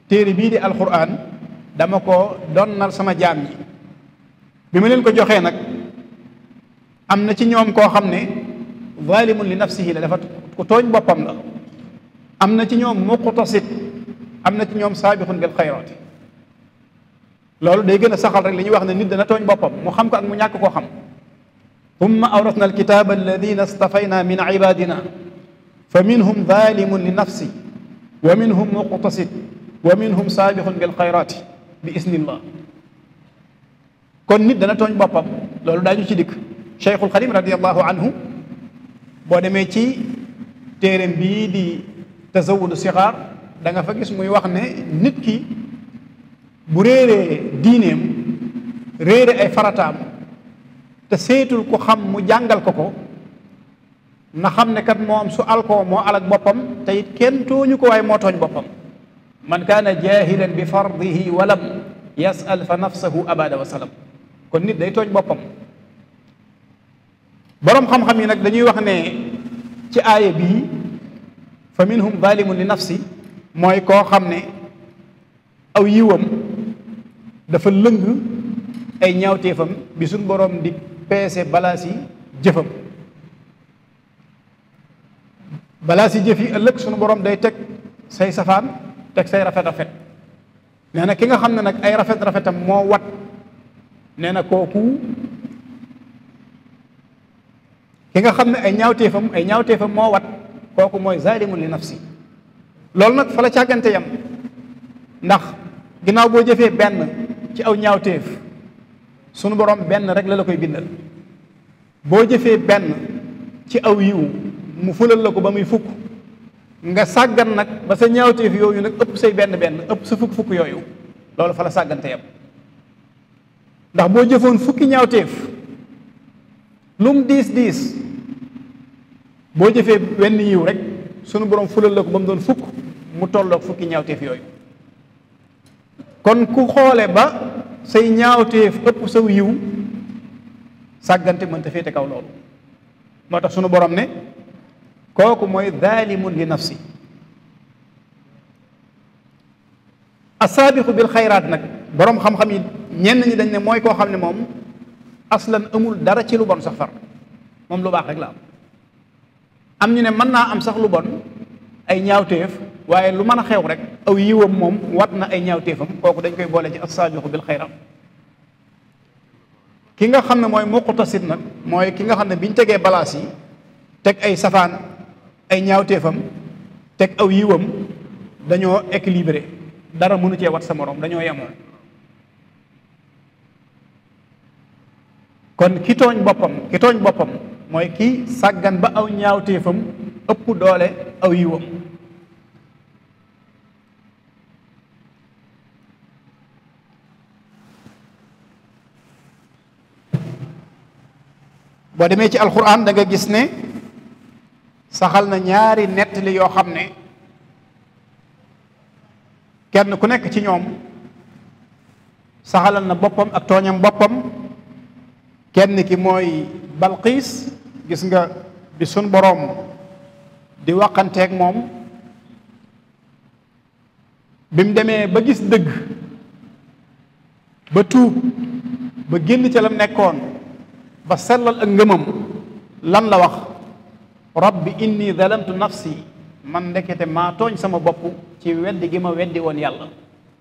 téere bii di alquran dama ko donnal sama jaam yi bi ma leen ko joxee nag am na ci ñoom koo xam ne zalimun li nafsihi la dafa ku tooñ boppam la am na ci ñoom muqtasid am na ci ñoom saabixun bil xayraati loolu day gën a saxal rek li ñuy wax ne nit dana tooñ boppam mu xam ko ak mu ñàkk koo xam thumma awrasna alkitaba alladina stafayna min ibadina fa minhum zalimun li nafsi wa minhum muqtasid wa minhum saabixun bil xayraati bi isnillah kon nit dana tooñ boppam loolu daañu ci dikk cheikhul xadim radiallahu anhu boo demee ci téeréem bii di tazawudu sixaar da nga fa gis muy wax ne nit ki bu réeree diineem réere ay farataam te seetul ko xam mu jàngal ko ko na xam ne kat moom su alkoo moo alak boppam te kenn tooñu ko waaye moo tooñ boppam man kaana jahilan bi fardihi walam yasal fa nafsahu abada wa salam kon nit day tooñ boppam boroom xam-xam yi nag dañuy wax ne ci aaya bii fa minhum zalimun li nafsi mooy koo xam ne aw yiwam dafa lëng ay ñaawteefam bi suñ boroom di peese balaas yi jëfam balaas yi jëf yi ëllëg suñu boroom day teg say safaan teg say rafet rafet nee na ki nga xam ne nag ay rafet rafetam moo wat nee na kooku ki nga xam ne ay ñaawteefam ay ñaawteefam moo wat kooku mooy zaalimun li si loolu nag fa la càggante yam ndax ginnaaw boo jëfee benn ci aw ñaawteef sunu borom benn rek la la koy bindal boo jëfee benn ci aw yiw mu fulal la ko ba muy fukk nga sàggan nag ba sa ñaawteef yooyu nag ëpp say benn benn ëpp sa fukk-fukk yooyu loolu fa la sàggante yam ndax boo jëfoon fukki ñaawteef lum diis diis boo jëfee wenn yiw rek sunu borom fulal la ko ba mu doon fukk mu tolloog fukki ñaawteef yooyu kon ku xoole ba say ñaawteef ëpp saw yiw sàggante mënta féete kaw loolu moo tax sunu borom ne kooku mooy zaalimun li nafsi asaabiqu bil xayraat nag boroom xam-xam yi ñenn ñi dañ ne mooy koo xam ne moom aslan amul dara ci lu bon sax far moom lu baax rek la am am ñu ne mën naa am sax lu bon ay ñaawteef waaye lu mën a xew rek aw yiwam moom wat na ay ñaawteefam kooku dañ koy boole ci as-saabixu bil xayraat ki nga xam ne mooy muqtasid nag mooy ki nga xam ne bi ñu tegee balaas yi teg ay safaan ay ñaawteefam teg aw yiwam dañoo équilibré dara mënu cee wat sa moroom dañoo yemoo kon ki tooñ boppam ki tooñ boppam mooy ki sàggan ba aw ñaawteefam ëpp doole aw yiwam boo demee ci alquran da nga gis ne saxal na ñaari nettali yoo xam ne kenn ku nekk ci ñoom saxalal na boppam ak tooñam boppam kenn ki mooy balqiis gis nga bi sun boroom di waxanteeg moom bi demee ba gis dëgg ba tuub ba génn ca lam nekkoon ba sellal ak ngëmam lan la wax rabbi inni zalamtu nafsi man ndekete maa tooñ sama bopp ci weddi gi ma weddi woon yàlla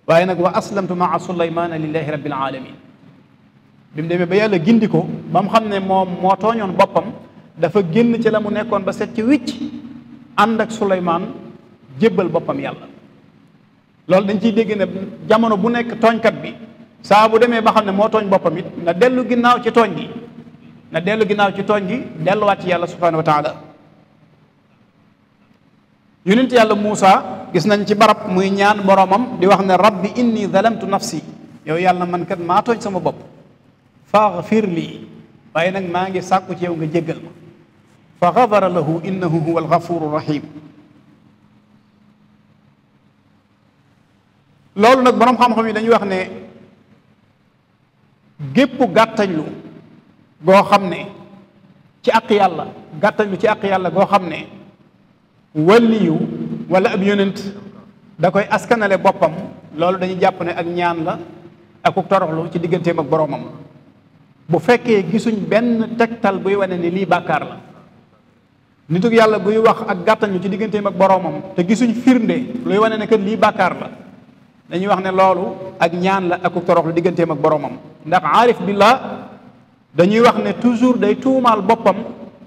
waaye nag wa aslamtu maa sulaymana lillahi rabbil alamin bi mu demee ba yàlla gindi ko ba mu xam ne moom moo tooñoon boppam dafa génn ci la mu nekkoon ba set ci wicc ànd ak suleymaan jébbal boppam yàlla loolu dañ ciy dégg ne jamono bu nekk tooñkat bi saa bu demee ba xam ne moo tooñ boppam it na dellu ginnaaw ci tooñ gi na dellu ginnaaw ci tooñ gi delluwaat ci yàlla subhanahu wa taala yonent yàlla Muusa gis nañ ci barab muy ñaan boromam di wax ne rabbi inni zalamtu nafsi yow yàlla man kat maa tooñ sama bopp faghfir lii waaye nag maa ngi sàkku ci yow nga jéggal ma fa xafara lahu innahu huwa alxafuru rahim loolu nag boroom xam-xam yi dañuy wax ne gépp gàttañlu goo xam ne ci àq yàlla gàttañ lu ci àq yàlla goo xam ne waliyu wala ab yonent da koy askanale boppam loolu dañuy jàpp ne ak ñaan la ak ku toroxlu ci digganteem ak boroomam bu fekkee gisuñ benn tegtal buy wane ni lii bàkkaar la nituk yàlla buy wax ak gàttañlu ci digganteem ak boroomam te gisuñ firnde luy wane ne kat lii bàkkaar dañuy wax ne loolu ak ñaan la ak ku toroxlu digganteem ak boroomam ndax aarif billah dañuy wax ne toujours day tuumaal boppam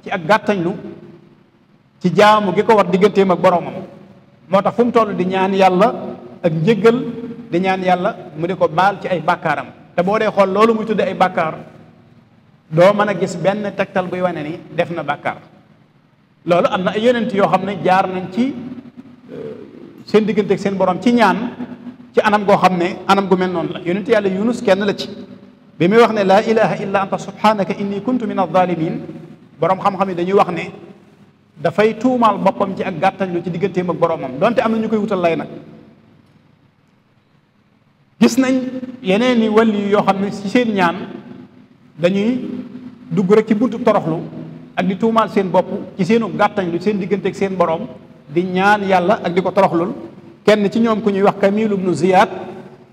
ci ak gàttañlu ci jaamu gi ko war digganteem ak boromam moo tax fu mu toll di ñaan yàlla ak njëggal di ñaan yàlla mu di ko baal ci ay bàkkaaram te boo dee xool loolu muy tudde ay bàkkaar doo mën a gis benn tegtal buy wane ni def na bàkkaar loolu am na ay yonent yoo xam ne jaar nañ ci euh, seen diggante seen borom ci ñaan ci anam goo xam ne anam gu mel noonu la yonent yàlla yunus kenn la ci bi muy wax ne laa ilaha illa anta subhanaka inni kuntu min alzalimin boroom xam-xam yi dañuy wax ne dafay tuumaal boppam ci ak gàttañ gàttañlu ci digganteem ak boroomam donte am na ñu koy lay nag gis nañ yeneen i wàlli yoo xam ne ci ñaan dañuy dugg rek ci buntu toroxlu ak di tuumaal seen bopp ci seenu gàttañlu seen diggante ak seen boroom di ñaan yàlla ak di ko toroxlul kenn ci ñoom ku ñuy wax Kamil ibnu Ziyad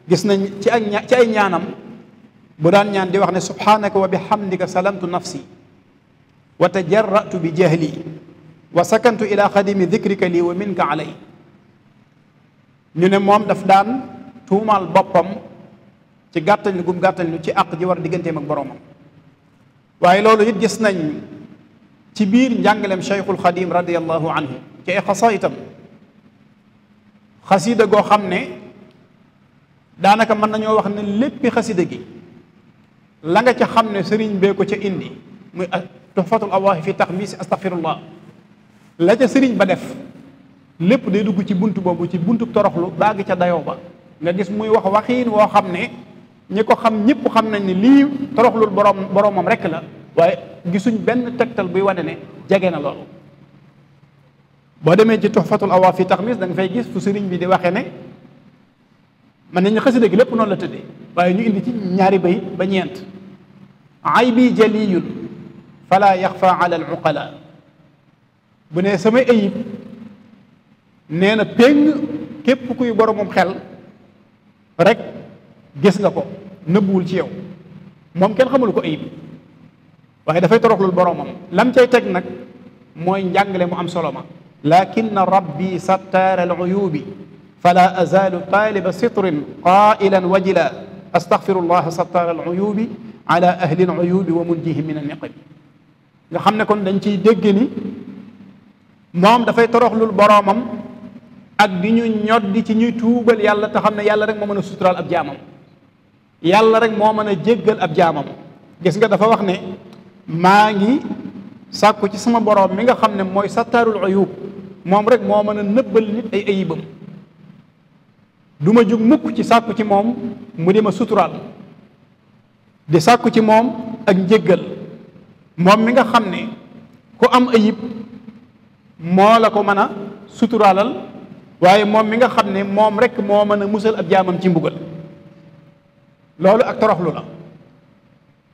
gis nañ ci ak ci ay ñaanam bu daan ñaan di wax ne subhaanaka wa bihamdika salamtu nafsi wa tajarratu bi jahli wa sakantu ila xadimi dikrika lii wa minka alay ñu ne moom daf daan tuumaal boppam ci gàttañ gum gàttañ lu ci àq ji war digganteem ak boroomam waaye loolu it gis nañ ci biir njàngalem cheikhul xadim radiallahu anhu ci ay xasa itam xasida goo xam ne daanaka mën nañoo wax ne léppi xasida gi la nga ca xam ne sëriñ bee ko ca indi muy tuhfatul awaahi fi taxmiisi astaghfirullah la ca sëriñ ba def lépp day dugg ci bunt boobu ci buntu toroxlu baagi ca dayoo ba nga gis muy wax waxiin woo xam ne ñi ko xam ñëpp xam nañ ne lii toroxlul borom boroomam rekk la waaye gisuñ benn tegtal buy wane ne jege na loolu boo demee ci tuhfatul awaa fi taxmiis da nga fay gis fu sëriñ bi di waxee ne man nañu xasida gi lépp noonu la tëddee waaye ñu indi ci ñaari bayit ba aybi jaliyun fala yaxfa ala al uqala bu ne samay ayib nee na péng képp kuy boromum xel rek gis nga ko nëbbuwul ci yow moom kenn xamul ko ayib waaye dafay toroxlul boromam lam cay teg nag mooy njàngale mu am solo ma lakin rabbi sattaara al uyubi fala azalu taaliba sitrin qailan wajila astaxfiru llaha sattaara al uyubi ala ahli al-uyubi wa munjihim min an-niqam nga xam ne kon dañ ciy dégg ni moom dafay toroxlul boroomam ak di ñu ñoddi ci ñuy tuubal yàlla te ne yàlla rek moo mën a suturaal ab jaamam yàlla rek moo mën a jéggal ab jaamam gis nga dafa wax ne maa ngi sàkku ci sama boroom mi nga xam ne mooy sattaarul uyub moom rek moo mën a nëbbal nit ay ayibam du ma mukk ci sàkku ci moom mu di ma suturaal di sàkku ci moom ak njëggal moom mi nga xam ne ku am ayib moo la ko mën a suturaalal waaye moom mi nga xam ne moom rek moo mën a musal ab jaamam ci mbugal loolu ak toroxlu la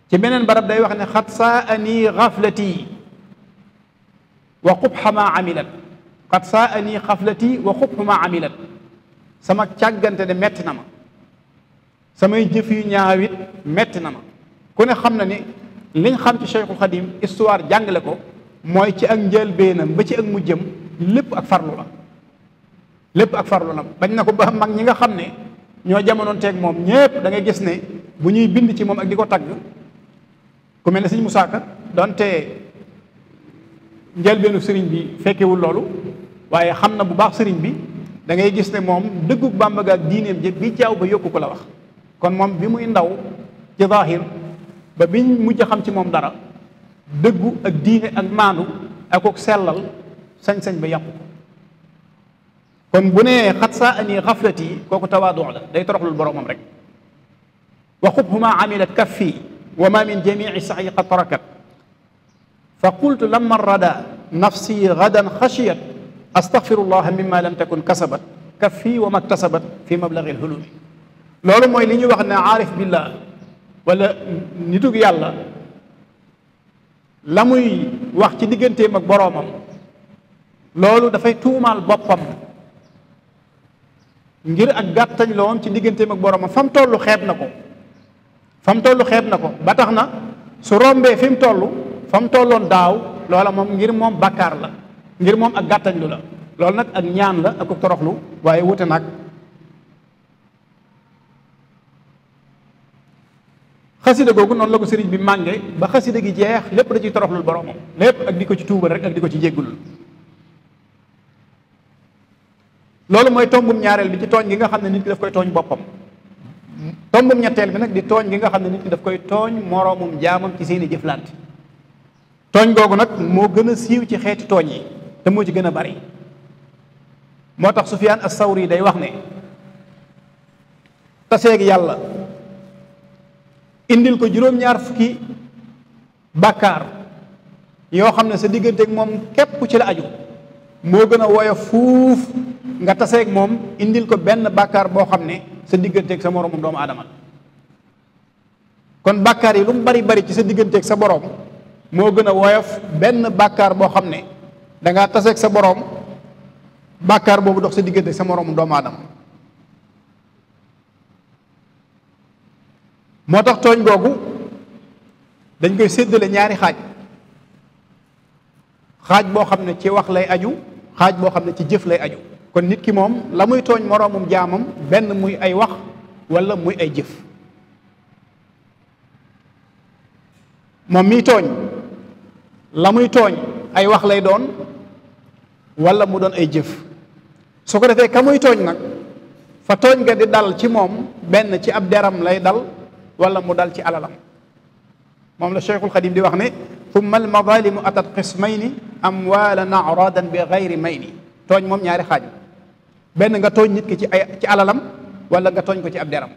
ci beneen barab day wax ne xat saa ani xaflati wa xubxa ma amilat xat saa ani xaflati wa xubxa ma amilat sama càggante de metti na ma samay jëf yu ñaaw metti na ma ku ne xam na ni liñ xam ci Cheikhul Khadim histoire jàngale ko mooy ci ak njëlbéenam ba ci ak mujjam lépp ak farlu la lépp ak farlu la bañ na ko ba mag ñi nga xam ne ñoo jamonoon teeg moom ñépp dangay ngay gis ne bu ñuy bind ci moom ak di ko tagg ku mel ne sëñ Musaa Ka donte njëlbéenu sëriñ bi fekkewul loolu waaye xam na bu baax sëriñ bi da ngay gis ne moom dëggug Bàmba ak diineem jëpp bi jaaw ba yokku ko la wax kon moom bi muy ndaw ci zahir ba biñ mujj xam ci moom dara dëggu ak diine ak maandu ak ak sellal sañ-sañ ba yàqu ko kon bu nee xat saa ani xaflati kooku tawaadu la day toroxlul boromam rek wa xubhu ma amilat kaffi wa ma min jamici saxyi qad tarakat fa qultu lama rada nafsi gadan xashiyat astaxfiru llaha mima lam takun kasabat kaffi wa ma ktasabat fi mablagi lhulumi loolu mooy li ñuy wax ne arif billah walla nituk yàlla la muy wax ci digganteem ak boroomam loolu dafay tuumaal boppam ngir ak gàttañ loom ci digganteem ak boroomam fa mu toll xeeb na ko fa mu toll xeeb na ko ba tax na su rombee fi mu toll fa tolloon daaw loola moom ngir moom bàkkaar la ngir moom ak gàttañlu la loolu nag ak ñaan la ak toroxlu waaye wute nag xasida googu noonu la ko sëriñ bi mànge ba xasida gi jeex lépp da ciy toroxlul boromam lépp ak di ko ci tuubal rek ak di ko ci jéggulul loolu mooy tombum ñaareel bi ci tooñ gi nga xam ne nit ki daf koy tooñ boppam tombum ñetteel bi nag di tooñ gi nga xam ne nit ki daf koy tooñ moroomum jaamam ci seeni jëflante tooñ googu nag moo gën a siiw ci xeeti tooñ yi te moo ci gën a bari moo tax Sufyaan as-Sawri day wax ne taseeg yàlla indil ko juróom-ñaar fukki bàkkaar yoo xam ne sa digganteek moom képp ci la aju moo gën a woyo fuuf nga taseek moom indil ko benn bàkkaar boo xam ne sa digganteek sa moroomu doomu aadama kon bàkkaar yi lu bari bari ci sa digganteeg sa boroom moo gën a woyof benn bàkkaar boo xam ne da ngaa sa boroom bàkkaar boobu dox sa digganteeg sa moroomu doomu aadama moo tax tooñ googu dañ koy séddale ñaari xaaj xaaj boo xam ne ci wax lay aju xaaj boo xam ne ci jëf lay aju kon nit ki moom la muy tooñ moroomum jaamam benn muy ay wax walla muy ay jëf moom miy tooñ la muy tooñ ay wax lay doon walla mu doon ay jëf su ko defee ka muy tooñ nag fa tooñ nga di dal ci moom benn ci ab deram lay dal wala mu dal ci alalam moom la cheikhul xadim di wax ne thumma al mazalimu atat qismayni amwalan aradan bi gayri mayni tooñ moom ñaari xaaj benn nga tooñ nit ki ci ci alalam wala nga tooñ ko ci ab deram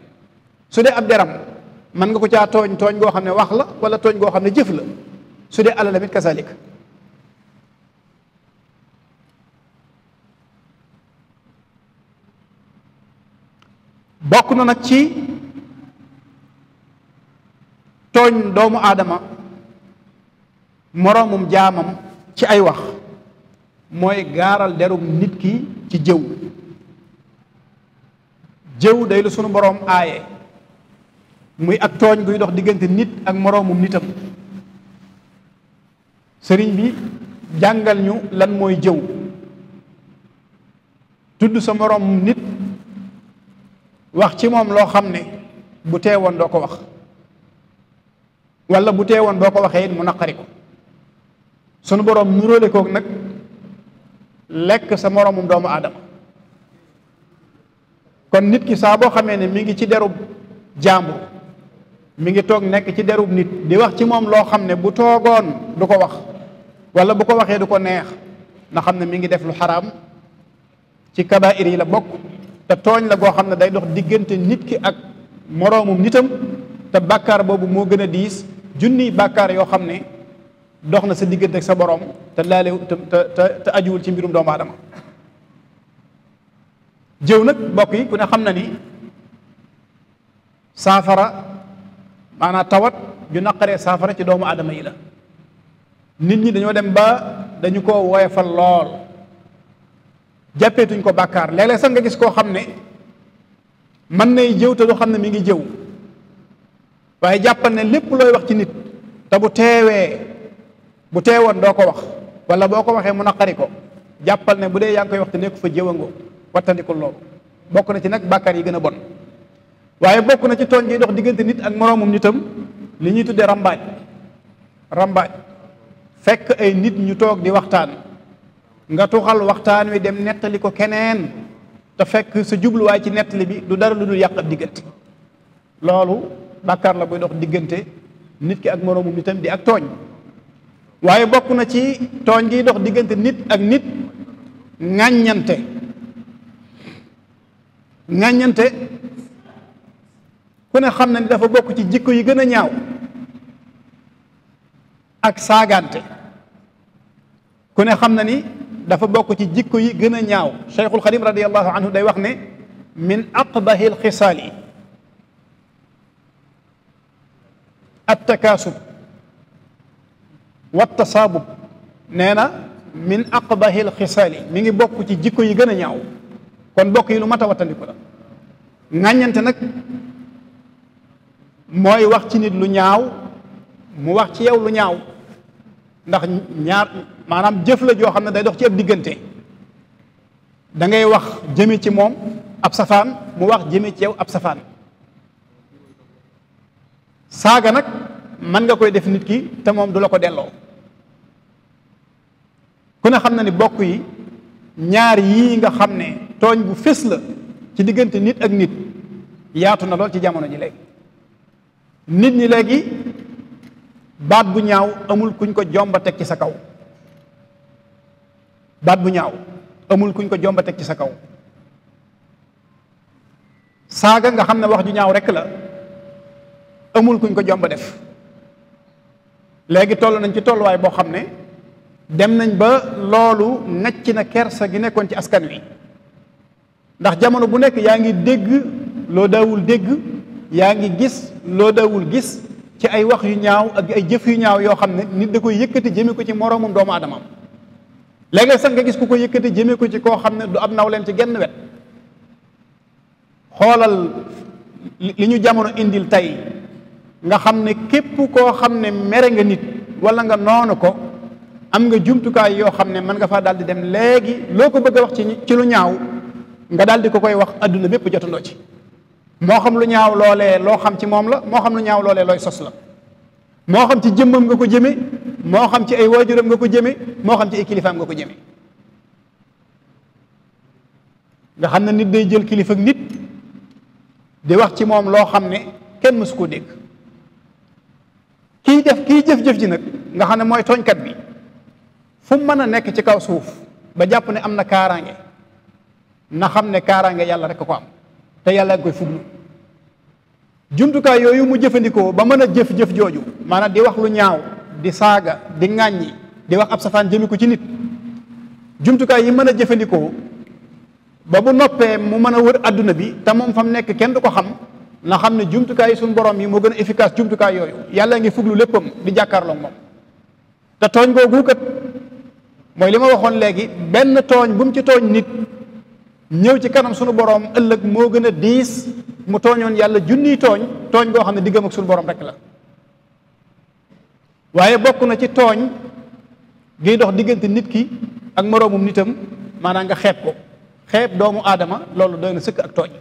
su dee ab deram mën nga ko caa tooñ tooñ goo xam ne wax la wala tooñ goo xam ne jëf la su dee alalam it kasalik bokk na nag ci tooñ doomu aadama moroomum jaamam ci ay wax mooy gaaral derum nit ki ci jëw jëw day lu sunu boroom aaye muy ak tooñ guy dox diggante nit ak moroomum nitam sëriñ bi jàngal ñu lan mooy jëw tudd sa moroomum nit wax ci moom loo xam ne bu teewoon doo ko wax wala bu woon boo ko waxee mu naqari ko sunu boroom nuróole kook nag lekk sa moroomum doomu aadama kon nit ki saa boo xamee ne mi ngi ci derub jàmbur mi ngi toog nekk ci derub nit di wax ci moom loo xam ne bu toogoon du ko wax wala bu ko waxee du ko neex na xam ne mi ngi def lu xaraam ci kabaa'ir yi la bokk te tooñ la goo xam ne day dox diggante nit ki ak moroomum nitam te bakkaar boobu moo gën a diis junniy bàkkaar yoo xam ne dox na sa diggante ak sa boroom te laale te te ajuwul ci mbirum doomu adama jëw nag mbokk yi ku ne xam na ni saafara maanaa tawat ju naqaree saafara ci doomu aadama yi la nit ñi dañoo dem ba dañu ko woyofal lool jàppeetuñ ko bàkkaar léeg-léeg sax nga gis koo xam ne mën nay jëw te du xam ne mi ngi jëw waaye jàppal ne lépp looy wax ci nit te bu teewee bu teewoon doo ko wax wala boo ko waxee mu naqari ko jàppal ne bu dee yaa ngi koy wax te nekk fa jëwango wattandikul loolu bokk na ci nag bàkkaar yi gën a bon waaye bokk na ci tooñ gi dox diggante nit ak moroomum nitam li ñuy tuddee rambaaj rambaaj fekk ay nit ñu toog di waxtaan nga tuxal waxtaan wi dem nettali ko keneen te fekk sa jubluwaay ci nettali bi du dara lu dul yàq ab diggante loolu bàkkaar la buy dox diggante nit ki ak moroomu nitam di ak tooñ waaye bokk na ci tooñ gi dox diggante nit ak nit ŋàññante ŋàññante ku ne xam na ni dafa bokk ci jikko yi gën a ñaaw ak saagante ku ne xam na ni dafa bokk ci jikko yi gën a ñaaw cheikhul xadim radiallahu anhu day wax ne min aqbahil xisaal attakaasub wa tasaabub nee na min aqbahil xisaali mi ngi bokk ci jikko yi gën a ñaaw kon bokk yi lu mat a wattandiku la ŋàññante nag mooy wax ci nit lu ñaaw mu wax ci yow lu ñaaw ndax ñaar maanaam jëf la joo xam ne day dox ci ab diggante dangay wax jëme ci moom ab safaan mu wax jëme ci yow ab safaan saaga nag mën nga koy def nit ki te moom du la ko delloo ku ne xam na ni bokk yi ñaar yii nga xam ne tooñ bu fés la ci diggante nit ak nit yaatu na lool ci jamono ji léegi nit ñi léegi baat bu ñaaw amul kuñ ko jomba teg ci sa kaw baat bu ñaaw amul kuñ ko jomba ci sa kaw saaga nga xam ne wax ju ñaaw rekk la amul kuñ ko jomb def léegi toll nañ ci tolluwaay boo xam ne dem nañ ba loolu ngacc na kersa gi nekkoon ci askan wi ndax jamono bu nekk yaa ngi dégg loo daawul dégg yaa ngi gis loo daawul gis ci ay wax yu ñaaw ak ay jëf yu ñaaw yoo xam ne nit da koy yëkkati jëmee ko ci moroomum doomu aadamam léegi sax nga gis ku ko yëkkati jëmee ko ci koo xam ne du ab nawleem ci genn wet xoolal li ñu jamono indil tey nga xam ne képp koo xam ne mere nga nit wala nga noonu ko am nga jumtukaay yoo xam ne mën nga faa daal di dem léegi loo ko bëgg wax ci ci lu ñaaw nga daal di ko koy wax adduna bépp jotandoo ci moo xam lu ñaaw loole loo xam ci moom la moo xam lu ñaaw loolee looy sos la moo xam ci jëmmam nga ko jëme moo xam ci ay waajuram nga ko jëme moo xam ci ay kilifaam nga ko jëme nga xam ne nit day jël kilifa nit di wax ci moom loo xam ne kenn mësu koo dégg kii def kii jëf-jëf ji nag nga xam ne mooy tooñkat bi fu mu mën a nekk ci kaw suuf ba jàpp ne am na kaaraange na xam ne kaaraange yàlla rek ko am te yàlla nga koy fuglu jumtukaay yooyu mu jëfandikoo ba mën a jëf jooju maanaam di wax lu ñaaw di saaga di ŋàññi di wax ab safaan jëmi ko ci nit jumtukaay yi mën a jëfandikoo ba bu noppee mu mën a war adduna bi te moom fa mu nekk kenn du ko xam na xam ne jumtukaay yi suñu boroom yi moo gën a efficace jumtukaay yooyu yàlla ngi fuglu léppam di jàkkaarloog moom te tooñ googu kat mooy li ma waxoon léegi benn tooñ bu mu ci tooñ nit ñëw ci kanam suñu borom ëllëg moo gën a diis mu tooñoon yàlla junniy tooñ tooñ goo xam ne diggam ak suñu borom rek la waaye bokk na ci tooñ gi dox diggante nit ki ak moroomum nitam maanaam nga xeeb ko xeeb doomu aadama loolu doy na sëkk ak tooñ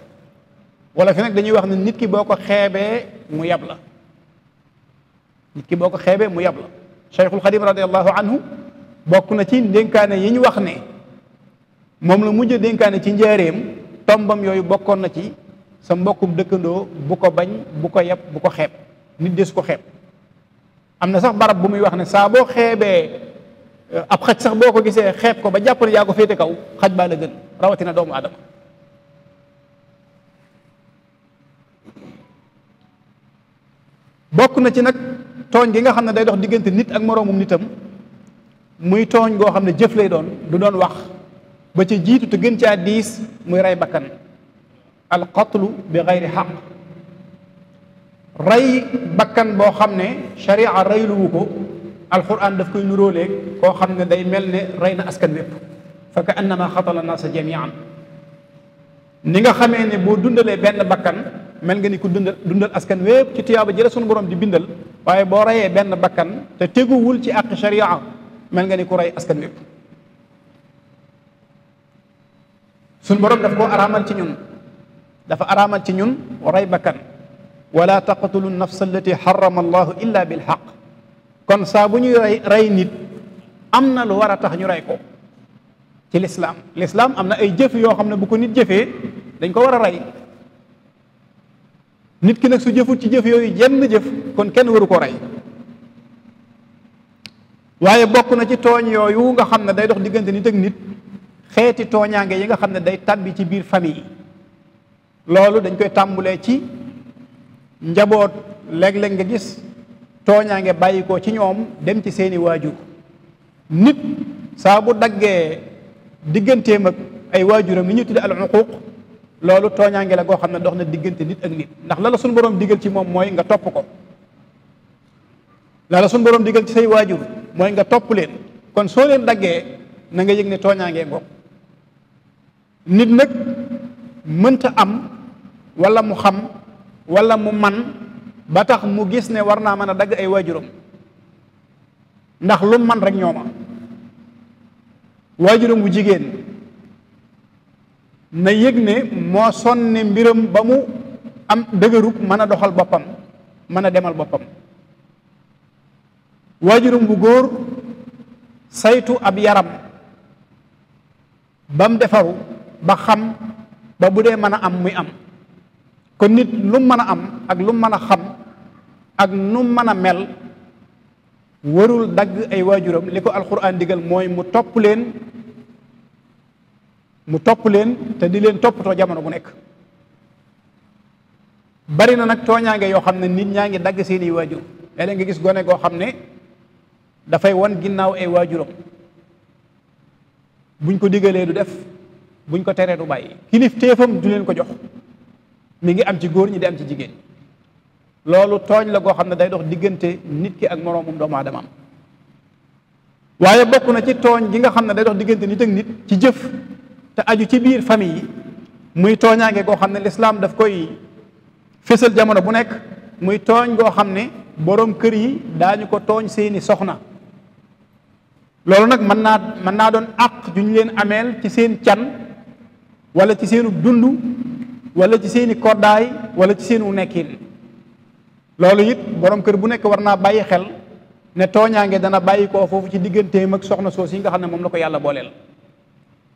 wala fi nag dañuy wax ne nit ki boo ko xeebee mu yab la nit ki boo ko xeebee mu yab la cheikhul xadim radiallahu anhu bokk na ci dénkaane yi ñu wax ne moom la mujj dénkaane ci njaareem tombam yooyu bokkoon na ci sa mbokkum dëkkandoo bu ko bañ bu ko yab bu ko xeeb nit des ko xeeb am na sax barab bu muy wax ne saa boo xeebee ab xaj sax boo ko gisee xeeb ko ba jàpp ne yaa ko féete kaw xaj baa la gën rawatina doomu adama bokk na ci nag tooñ gi nga xam ne day dox diggante nit ak moroomum nitam muy tooñ goo xam ne jëf lay doon du doon wax ba ci jiitu te gën caa diis muy rey bakkan al qatlu bi gayri xaq rey bakkan boo xam ne sharia reyluwu ko alquran daf koy nuróoleeg koo xam ne day mel ne rey na askan wépp fa ka annama xatala naasa jamian ni nga xamee ne boo dundalee benn bakkan mel nga ni ku dundal dundal askan wépp ci tiyaaba jële sunu borom di bindal waaye boo reyee benn bakkan te teguwul ci àq sharia mel nga ni ku rey askan wépp sunu borom daf koo araamal ci ñun dafa araamal ci ñun rey bakkan wala taqtulu nafsa allati harrama allahu illa bil xaq kon saa bu nit am na lu war a tax ñu rey ko ci lislaam lislaam am na ay jëf yoo xam ne bu ko nit jëfee dañ ko war a rey nit ki nag su jëfut ci jëf yooyu jenn jëf kon kenn waru ko rey waaye bokk na ci tooñ yooyu nga xam ne day dox diggante nit ak nit xeeti tooñaange yi nga xam ne day bi ci biir famille loolu dañ koy tàmbulee ci njaboot léeg-léeg nga gis tooñaange bàyyi ko ci ñoom dem ci seeni waajur nit saa bu daggee digganteem ak ay waajuram li ñu tudde al loolu tooñaange la goo xam ne dox na diggante nit ak nit ndax la la suñu borom digal ci moom mooy nga topp ko la la suñu borom digal ci say waajur mooy nga topp leen kon soo leen daggee na nga yëg ne tooñaangee ngoog nit nag mënta am walla mu xam wala mu man ba tax mu gis ne war naa mën a dagg ay waajuram ndax lu man rek ñoo ma waajuram wu jigéen na yég ne moo sonne mbiram ba mu am dëgëru mën a doxal boppam mën a demal boppam waajurum wu góor saytu ab yaram ba mu defaru ba xam ba bu dee mën a am muy am kon nit lu mën a am ak lu mën a xam ak nu mën a mel warul dagg ay waajuram li ko alxuraan digal mooy mu topp leen mu topp leen te di leen toppatoo jamono bu nekk bari na nag tooñaange yoo xam ne nit ñaa ngi dagg seeni waajur léeg-léeg nga gis gone goo xam ne dafay wan ginnaaw ay waajuram buñ ko digalee du def buñ ko teree du bàyyi kilif téefam du leen ko jox mi ngi am ci góor ñi di am ci jigéen loolu tooñ la goo xam ne day dox diggante nit ki ak moroomum doomu aadamaam waaye bokk na ci tooñ gi nga xam ne day dox diggante nit ak nit ci jëf te aju ci biir famille yi muy tooñaange goo xam ne lislaam daf koy fësal jamono bu nekk muy tooñ goo xam ne boroom kër yi daañu ko tooñ seeni soxna loolu nag mën naa mën naa doon àq ju ñu leen ameel ci seen can wala ci seenu dund walla ci seeni koddaay wala ci seenu nekkin loolu it boroom kër bu nekk war naa bàyyi xel ne tooñaange dana bàyyi koo foofu ci digganteem ak soxna soos yi nga xam ne moom la ko yàlla booleel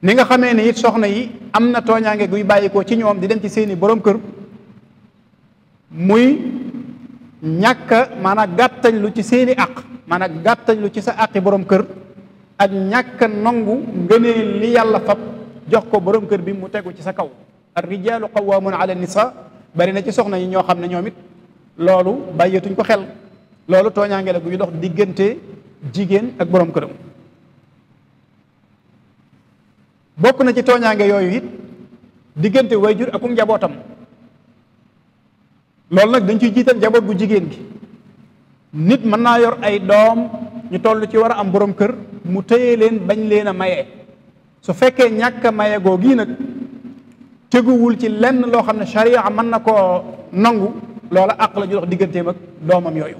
ni nga xamee ne it soxna yi am na tooñaange guy bàyyikoo ci ñoom di dem ci seeni borom kër muy ñàkka maanaam gàttañ lu ci seeni àq maanaam gàttañ lu ci sa àqi boroom kër ak ñàkka nongu ngëneel li yàlla fab jox ko boroom kër bi mu tegu ci sa kaw ar rijaalu qawwaamun ala nisa bari na ci soxna yi ñoo xam ne ñoom it loolu bàyyeetuñ ko xel loolu tooñaange la guy dox diggante jigéen ak boroom këram bokk na ci tooñaange yooyu it diggante wayjur ak njabootam loolu nag dañ ciy jiital njaboot bu jigéen gi nit mën naa yor ay doom ñu toll ci war a am borom kër mu téye leen bañ leen a maye su fekkee ñàkk a maye googu nag teguwul ci lenn loo xam ne sharia mën na koo nangu loola àq la ju dox digganteem ak doomam yooyu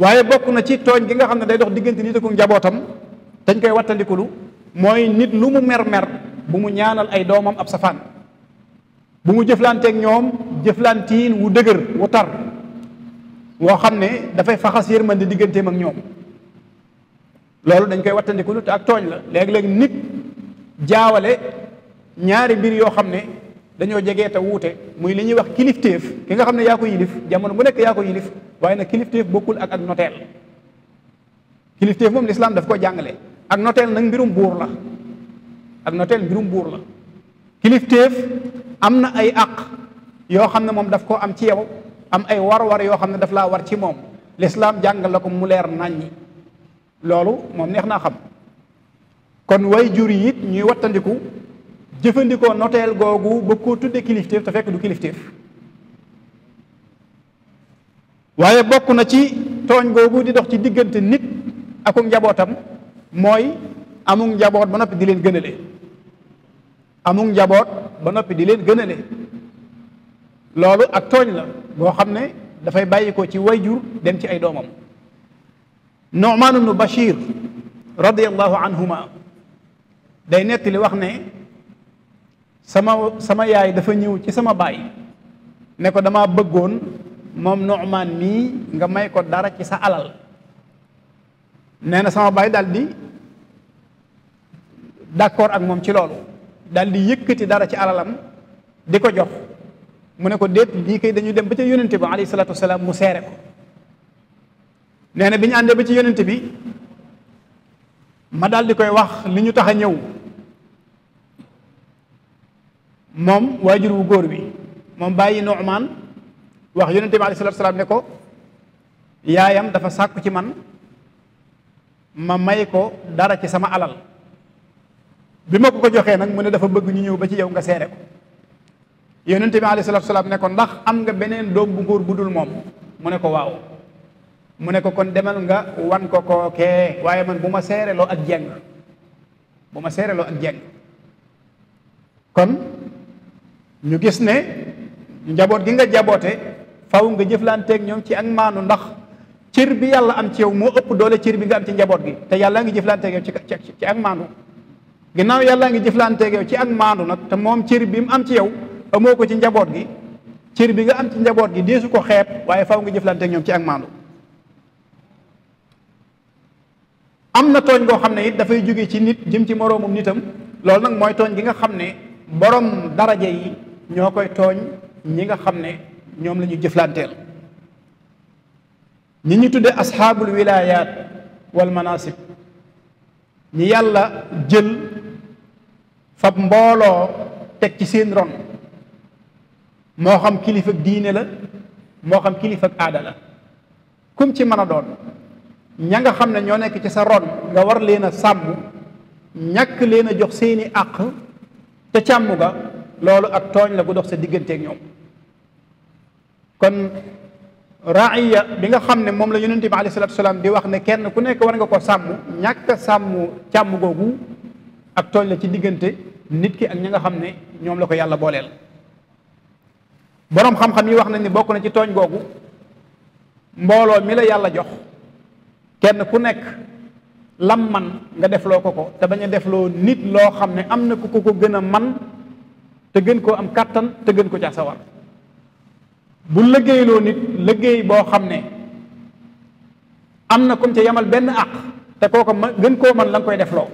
waaye bokk na ci tooñ gi nga xam ne day dox diggante nit ak njabootam dañ koy wattandikulu mooy nit lu mu mer-mer bu mu ñaanal ay doomam ab safaan bu mu jëflanteeg ñoom jëflantiin wu dëgër wu tar woo xam ne dafay faxas man yërmande digganteem ak ñoom loolu dañ koy wattandikulu te ak tooñ la léegi léegi nit jaawale ñaari mbir yoo xam ne dañoo jege te wuute muy li ñuy wax kilifteef ki nga xam ne yaa ko yilif jamono bu nekk yaa ko yilif waaye nag kilifteef bokkul ak ak noteel kilifteef moom lislaam daf ko jàngale ak noteel nag mbirum buur la ak noteel mbirum buur la kilifteef am na ay àq yoo xam ne moom daf ko am ci yow am ay war-war yoo xam ne daf laa war ci moom lislaam jàngal la ko mu leer nàññi loolu moom neex naa xam kon way jur yi ñuy wattandiku jëfandikoo noteel googu ba koo tudde kilifteef te fekk du kilifteef waaye bokk na ci tooñ googu di dox ci diggante nit akum njabootam mooy amug njaboot ba noppi di leen gënale amug njaboot ba noppi di leen gënale loolu ak tooñ la boo xam ne dafay bàyyi ko ci wayjur dem ci ay doomam Nu'maan ibnu Bashir radiyallahu anhuma day nettali wax ne sama sama yaay dafa ñëw ci sama baay ne ko damaa bëggoon moom Nu'maan mii nga may ko dara ci sa alal nee na sama baay daal di d'accord ak moom ci loolu daal di yëkkati dara ci alalam di ko jox mu ne ko déet lii kay dañu dem ba ca yónente bi alayhi salaatu wasalaam mu seere ko nee na bi ñu àndee ba ci yónente bi ma daal di koy wax li ñu tax a ñëw moom waajur wu góor bi moom bàyyi Nu'maan wax yonente bi alayhi salaatu ko yaayam dafa sàkku ci man ma may ko dara ci sama alal bi ma ko ko joxee nag mu ne dafa bëgg ñu ñëw ba ci yow nga seere ko yonente bi alayhi salaatu ne ko ndax am nga beneen doom bu góor bu dul moom mu ne ko waaw mu ne ko kon demal nga wan ko ko kookee waaye man bu ma seereloo ak jeng bu ma seereloo ak jeng kon ñu gis ne njaboot gi nga jaboote faw nga jëflanteeg ñoom ci ak maanu ndax cër bi yàlla am ci yow moo ëpp doole cër bi nga am ci njaboot gi te yàlla ngi jëflanteeg yow ci ci ak maandu ginnaaw yàlla ngi jëflanteeg ci ak nag te moom cër bi mu am ci yow amoo ko ci njaboot gi cër bi nga am ci njaboot gi deesu ko xeeb waaye faw nga jëflanteeg ñoom ci ak maandu am na tooñ goo xam ne it dafay jóge ci nit jëm ci moroomum nitam loolu nag mooy tooñ gi nga xam ne boroom daraja yi ñoo koy tooñ ñi nga xam ne ñoom la ñu jëflanteel ñi ñu tudde asxaabul wilayaat wal manasib ñi yàlla jël fab mbooloo teg ci seen ron moo xam kilifa diine la moo xam kilifa aada la kum ci mën a doon ña nga xam ne ñoo nekk ci sa ron nga war leen a sàmm ñàkk leen a jox seeni àq te càmm ga loolu ak tooñ la gu dox sa ak ñoom kon raaya bi nga xam ne moom la yonente bi alayhi salaatu salaam di wax ne kenn ku nekk war nga ko sàmm ñàkk sàmm càmm googu ak tooñ la ci diggante nit ki ak ñi nga xam ne ñoom la ko yàlla booleel boroom xam-xam yi wax nañ ni bokk na ci tooñ googu mbooloo mi la yàlla jox kenn ku nekk lam man nga loo ko ko te bañ def defloo nit loo xam ne am na ku ko ko gën a man te gën koo am kàttan te gën ko caa sawar bu liggéeyloo nit liggéey boo xam ne am na comme ca yamal benn àq te kooko ma gën koo man la koy def loo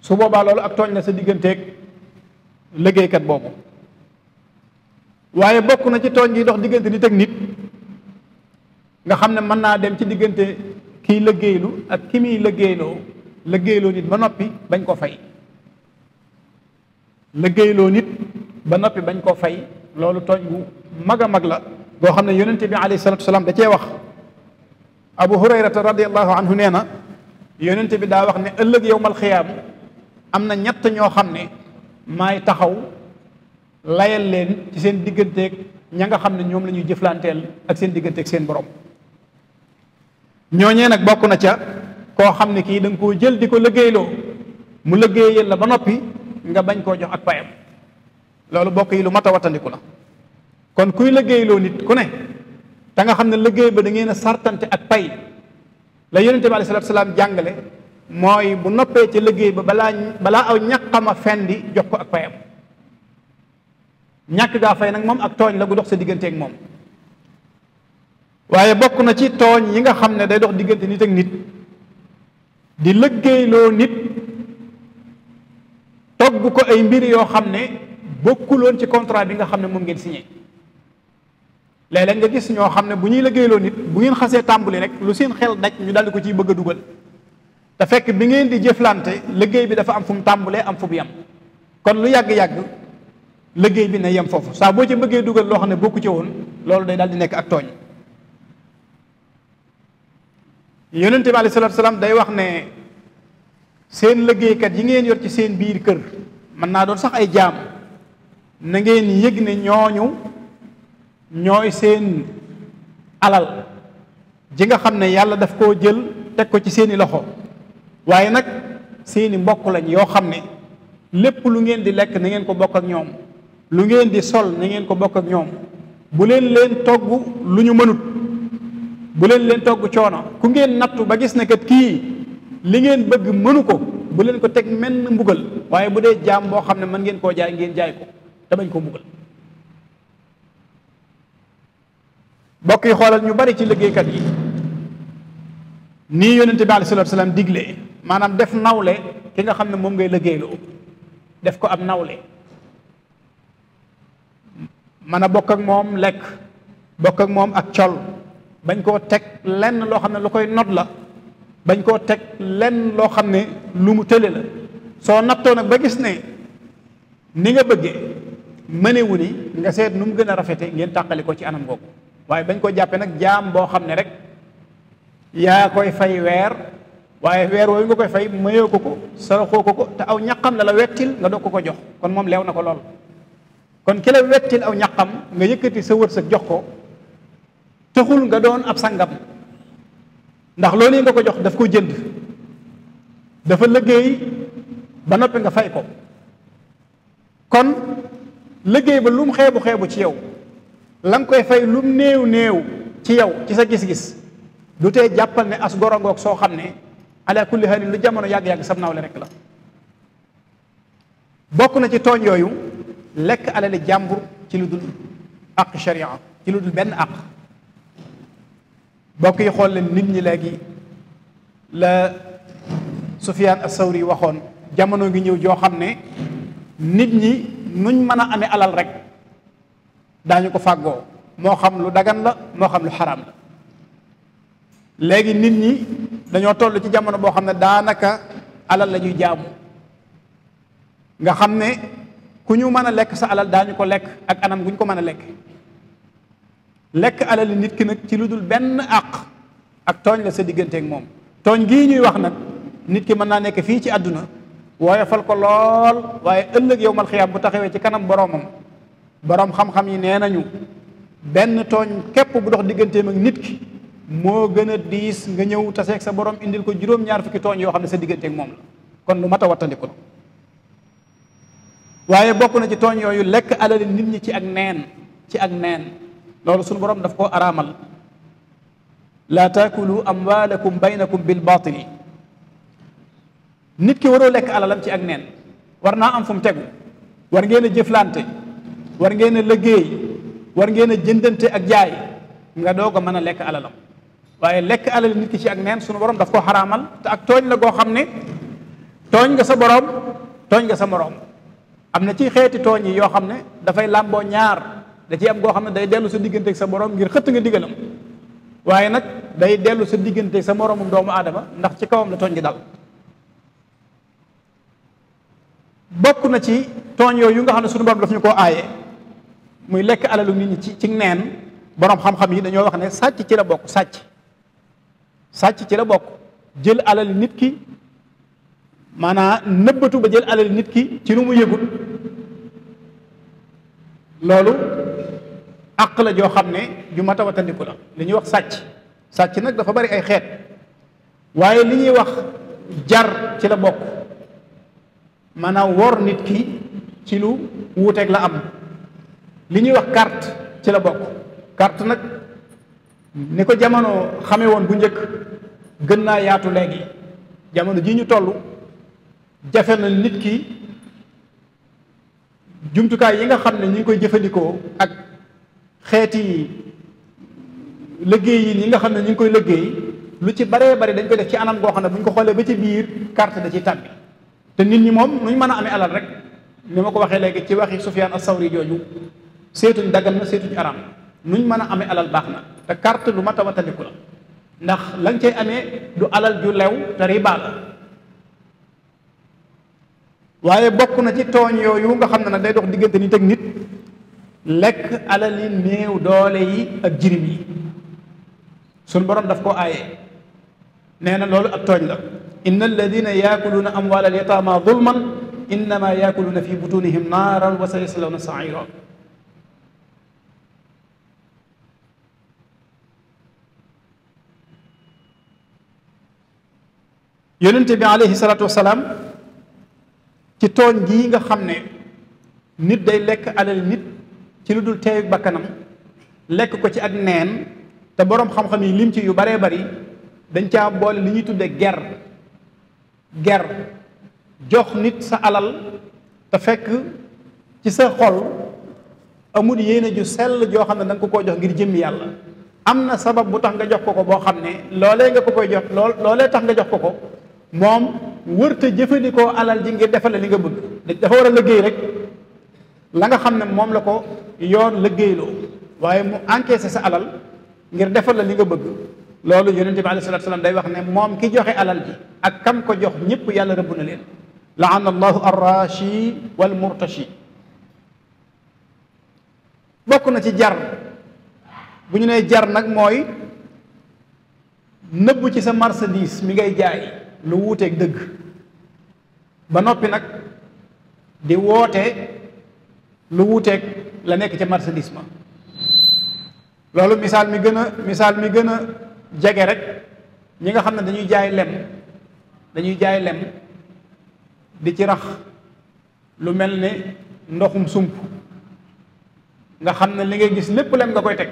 su boobaa loolu ak tooñ la sa digganteeg liggéeykat boobu waaye bokk na ci tooñ gi dox diggante nit ak nit nga xam ne mën naa dem ci diggante kiy liggéeylu ak ki muy liggéeyloo liggéeyloo nit ba noppi bañ koo fay liggéeyloo nit ba noppi bañ koo fay loolu tooñ gu mag a mag la goo xam ne yonente bi alayhi salatu wasalaam da cee wax abu hurayrata nee na yonente bi daa wax ne ëllëg yowmal xiyaam am na ñett ñoo xam ne maay taxaw layal leen ci seen digganteeg ña nga xam ne ñoom lañuy ñuy jëflanteel ak seen digganteeg seen borom ñooñee nag bokk na ca koo xam ne kii danga nga koo jël di ko liggéeyloo mu liggéeyal la ba noppi nga bañ koo jox ak payam loolu bokk yi lu mat a wattandiku la kon kuy liggéeyloo nit ku ne te nga xam ne liggéey ba da ngeen a sartante ak pay la yonente bi jàngale mooy bu noppee ci liggéey ba balaa balaa aw ñàqama fendi jox ko ak payam ñàkk gaa fay nag moom ak tooñ la gu dox sa digganteeg moom waaye bokk na ci tooñ yi nga xam ne day dox diggante nit ak nit di liggéeyloo nit togg ko ay mbir yoo xam ne bokk bokkuloon ci contrat bi nga xam ne moom ngeen signé léeg-léeg nga gis ñoo xam ne bu ñuy liggéeyloo nit bu ngeen xasee tàmbali rek lu seen xel daj ñu daldi ko ciy bëgg a dugal te fekk bi ngeen di jëflante liggéey bi dafa am fu mu tàmbulee am fu mu yem kon lu yàgg-yàgg léggéey bi na yem foofu saa boo ci bëggee dugal loo xam ne bokku ci woon loolu day daal di nekk ak tooñ yonente bi alayhi salaatu wa salaam day wax ne seen liggéeykat yi ngeen yor ci seen biir kër mën naa doon sax ay jaam na ngeen yëg ne ñooñu ñooy seen alal ji nga xam ne yàlla daf koo jël teg ko ci seeni loxo waaye nag seeni mbokk lañ yoo xam ne lépp lu ngeen di lekk na ngeen ko bokk ak ñoom lu ngeen di sol na ngeen ko bokk ak ñoom bu leen leen togg lu ñu mënut bu leen leen togg coono ku ngeen nattu ba gis ne kat kii li ngeen bëgg mënu ko bu leen ko teg menn mbugal waaye bu dee jaam boo xam ne mën ngeen koo jaay ngeen jaay ko te bañ koo mbugal bokk xoolal ñu bari ci liggéeykat yi nii yonente bi aleyhi salaatu salaam digle maanaam def nawle ki nga xam ne moom ngay liggéeyloo def ko ab nawle mën a bokk ak moom lekk bokk ak moom ak col bañ koo teg lenn loo xam ne lu koy not la bañ koo teg lenn loo xam ne lu mu tële la soo nattoo nag ba gis ne ni nga bëggee mënewu ni nga seet nu mu gën a rafete ngeen tàqali ko ci anam googu waaye bañ koo jàppe nag jaam boo xam ne rek yaa koy fay weer waaye weer woowu nga koy fay mayoo ko ko saraxoo ko ko te aw ñaqam la la wettil nga doog ko ko jox kon moom leew na ko lool kon ki la wettil aw ñaqam nga yëkkati sa wërsëg jox ko taxul nga doon ab sangam ndax loolu nga ko jox daf ko jënd dafa liggéey ba noppi nga fay ko kon liggéey ba lum xeebu xeebu ci yow la koy fay lum néew néew ci yow ci sa gis-gis du tee jàppal ne as goro ngoog soo xam ne ala kulli haalin lu jamono yàgg-yàgg sam nawle rek la bokk na ci tooñ yooyu lekk alali jàmbur ci lu dul àq sharia ci lu dul benn àq bokk yi xool leen nit ñi léegi la Sufyaan as waxoon jamono ngi ñëw joo xam ne nit ñi nuñ mën a amee alal rek daañu ko fàggoo moo xam lu dagan la moo xam lu xaraam la léegi nit ñi dañoo toll ci jamono boo xam ne daanaka alal la ñuy jaamu nga xam ne ku ñu mën a lekk sa alal daañu ko lekk ak anam guñ ko mën a lekk lekk alali nit ki nag ci lu dul benn àq ak tooñ la sa digganteek moom tooñ gi ñuy wax nag nit ki mën naa nekk fii ci àdduna waaye fal ko lool waaye ëllëg yowmal xiyaam bu taxawee ci kanam boroomam boroom xam-xam yi nee nañu benn tooñ képp bu dox digganteem ak nit ki moo gën a diis nga ñëw taseeg sa borom indil ko juróom-ñaar fukki tooñ yoo xam ne sa digganteeg moom la kon lu mat a ko waaye bokk na ci tooñ yooyu lekk alali nit ñi ci ak neen ci ak neen loolu suñu boroom daf koo araamal laa taakulu amwaalakum baynakum bil baatili nit ki waroo lekk alalam ci ak neen war naa am fu mu tegu war ngeen a jëflante war ngeen a liggéey war ngeen a jëndante ak jaay nga doog a mën a lekk alalam waaye lekk alal nit ki ci ak neen suñu borom daf ko xaraamal te ak tooñ la goo xam ne tooñ nga sa borom tooñ nga sa moroom am na ci xeeti tooñ yoo xam ne dafay làmboo ñaar da ci am goo xam ne day dellu sa digganteeg sa borom ngir xëtt nga digalam waaye nag day dellu sa digganteeg sa moroomu doomu aadama ndax ci kawam la tooñ gi dal bokk na ci tooñ yooyu nga xam ne suñu borom daf ñu koo aaye muy lekk alalu nit ñi ci ci neen boroom xam-xam yi dañoo wax ne sàcc ci la bokk sàcc sàcc ci la bokk jël alal nit ki maanaam nëbbatu ba jël alal nit ki ci lu mu yëgul loolu àq la joo xam ne ju mat a watandiku la li ñuy wax sàcc sàcc nag dafa bari ay xeet waaye li ñuy wax jar ci la bokk maanaam wor nit ki ci lu wuuteeg la am li ñuy wax carte ci la bokk carte nag ni ko jamono xame woon bu njëkk gën naa yaatu léegi jamono ji ñu toll jafe na nit ki jumtukaay yi nga xam ne ñu ngi koy jëfandikoo ak xeeti liggéey yi nga xam ne ñu ngi koy liggéey lu ci baree bari dañ koy def ci anal goo xam ne bu ñu ko xoolee ba ci biir carte da ciy tàbbi te nit ñi moom nu ñu mën a amee alal rek ñu ma ko waxee léegi ci waxi Sufyaan ak sawri jooju seetuñ daggan ma seetuñ araam nu ñu mën a amee alal baax na te carte lu mat a wataliku la ndax lañ cay amee du alal ju lew te riba la waaye bokk na ci tooñ yooyu nga xam ne nag day dox diggante nit ak nit lekk alali néew doole yi ak jirim yi suñ borom daf ko aaye nee na loolu ak tooñ la inna alladina yaakuluuna amwaal alyataama zulman innama yaakuluuna fi butunihim naaran wa sa yaslawna saira yonente bi alayhi salaatu wasalaam ci tooñ gii nga xam ne nit day lekk alal nit ci lu dul teeyu bakkanam lekk ko ci ak neen te boroom xam-xam yi lim ci yu baree bari dañ caa boole li ñuy tudde ger ger jox nit sa alal te fekk ci sa xol amul yéene ju sell joo xam ne da nga ko koo jox ngir jëmmi yàlla am na sabab bu tax nga jox ko ko boo xam ne loolee nga ko koy jox lool loolee tax nga jox ko ko moom wërta jëfandikoo alal ji ngir defale li nga bëgg dafa war a liggéey rek la nga xam ne moom la ko yoon liggéeyloo waaye mu encaissé sa alal ngir defal la li nga bëgg loolu yonente bi alayhi sa salaam day wax ne moom ki joxe alal ji ak kam ko jox ñëpp yàlla rëbb na leen la laana allahu arrashi wal murtashi bokk na ci jar bu ñu nee jar nag mooy nëbb ci sa marchandise mi ngay jaay lu wuuteeg dëgg ba noppi nag di woote lu wuuteeg la nekk ca marchandise ma loolu misaal mi gën a misaal mi gën a jege rek ñi nga xam ne dañuy jaay lem dañuy jaay lem di ci rax lu mel ne ndoxum sump nga xam ne li ngay gis lépp lem nga koy teg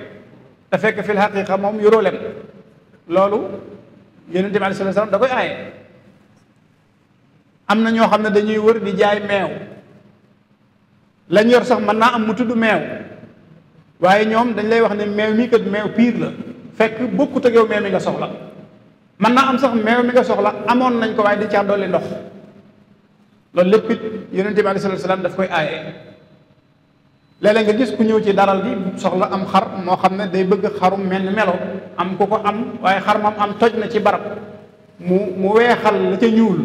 te fekk fil xaqiqa moom yoroo lem loolu yonente bi aleyhi salaam da koy aaye am na ñoo xam ne dañuy wër di jaay meew lañ yor sax mën naa am mu tudd meew waaye ñoom dañ lay wax ne meew mi kat meew piir la fekk bokkut ak yow meew mi nga soxla mën naa am sax meew mi nga soxla amoon nañ ko waaye di caa dolli ndox loolu lépp it yonente bi alayhi salaam daf koy aaye léeg-léeg nga ku ñëw ci daral bi soxla am xar moo xam ne day bëgg xarum mel ni melo am ku ko am waaye xar moom am toj na ci barab mu mu weexal li ca ñuul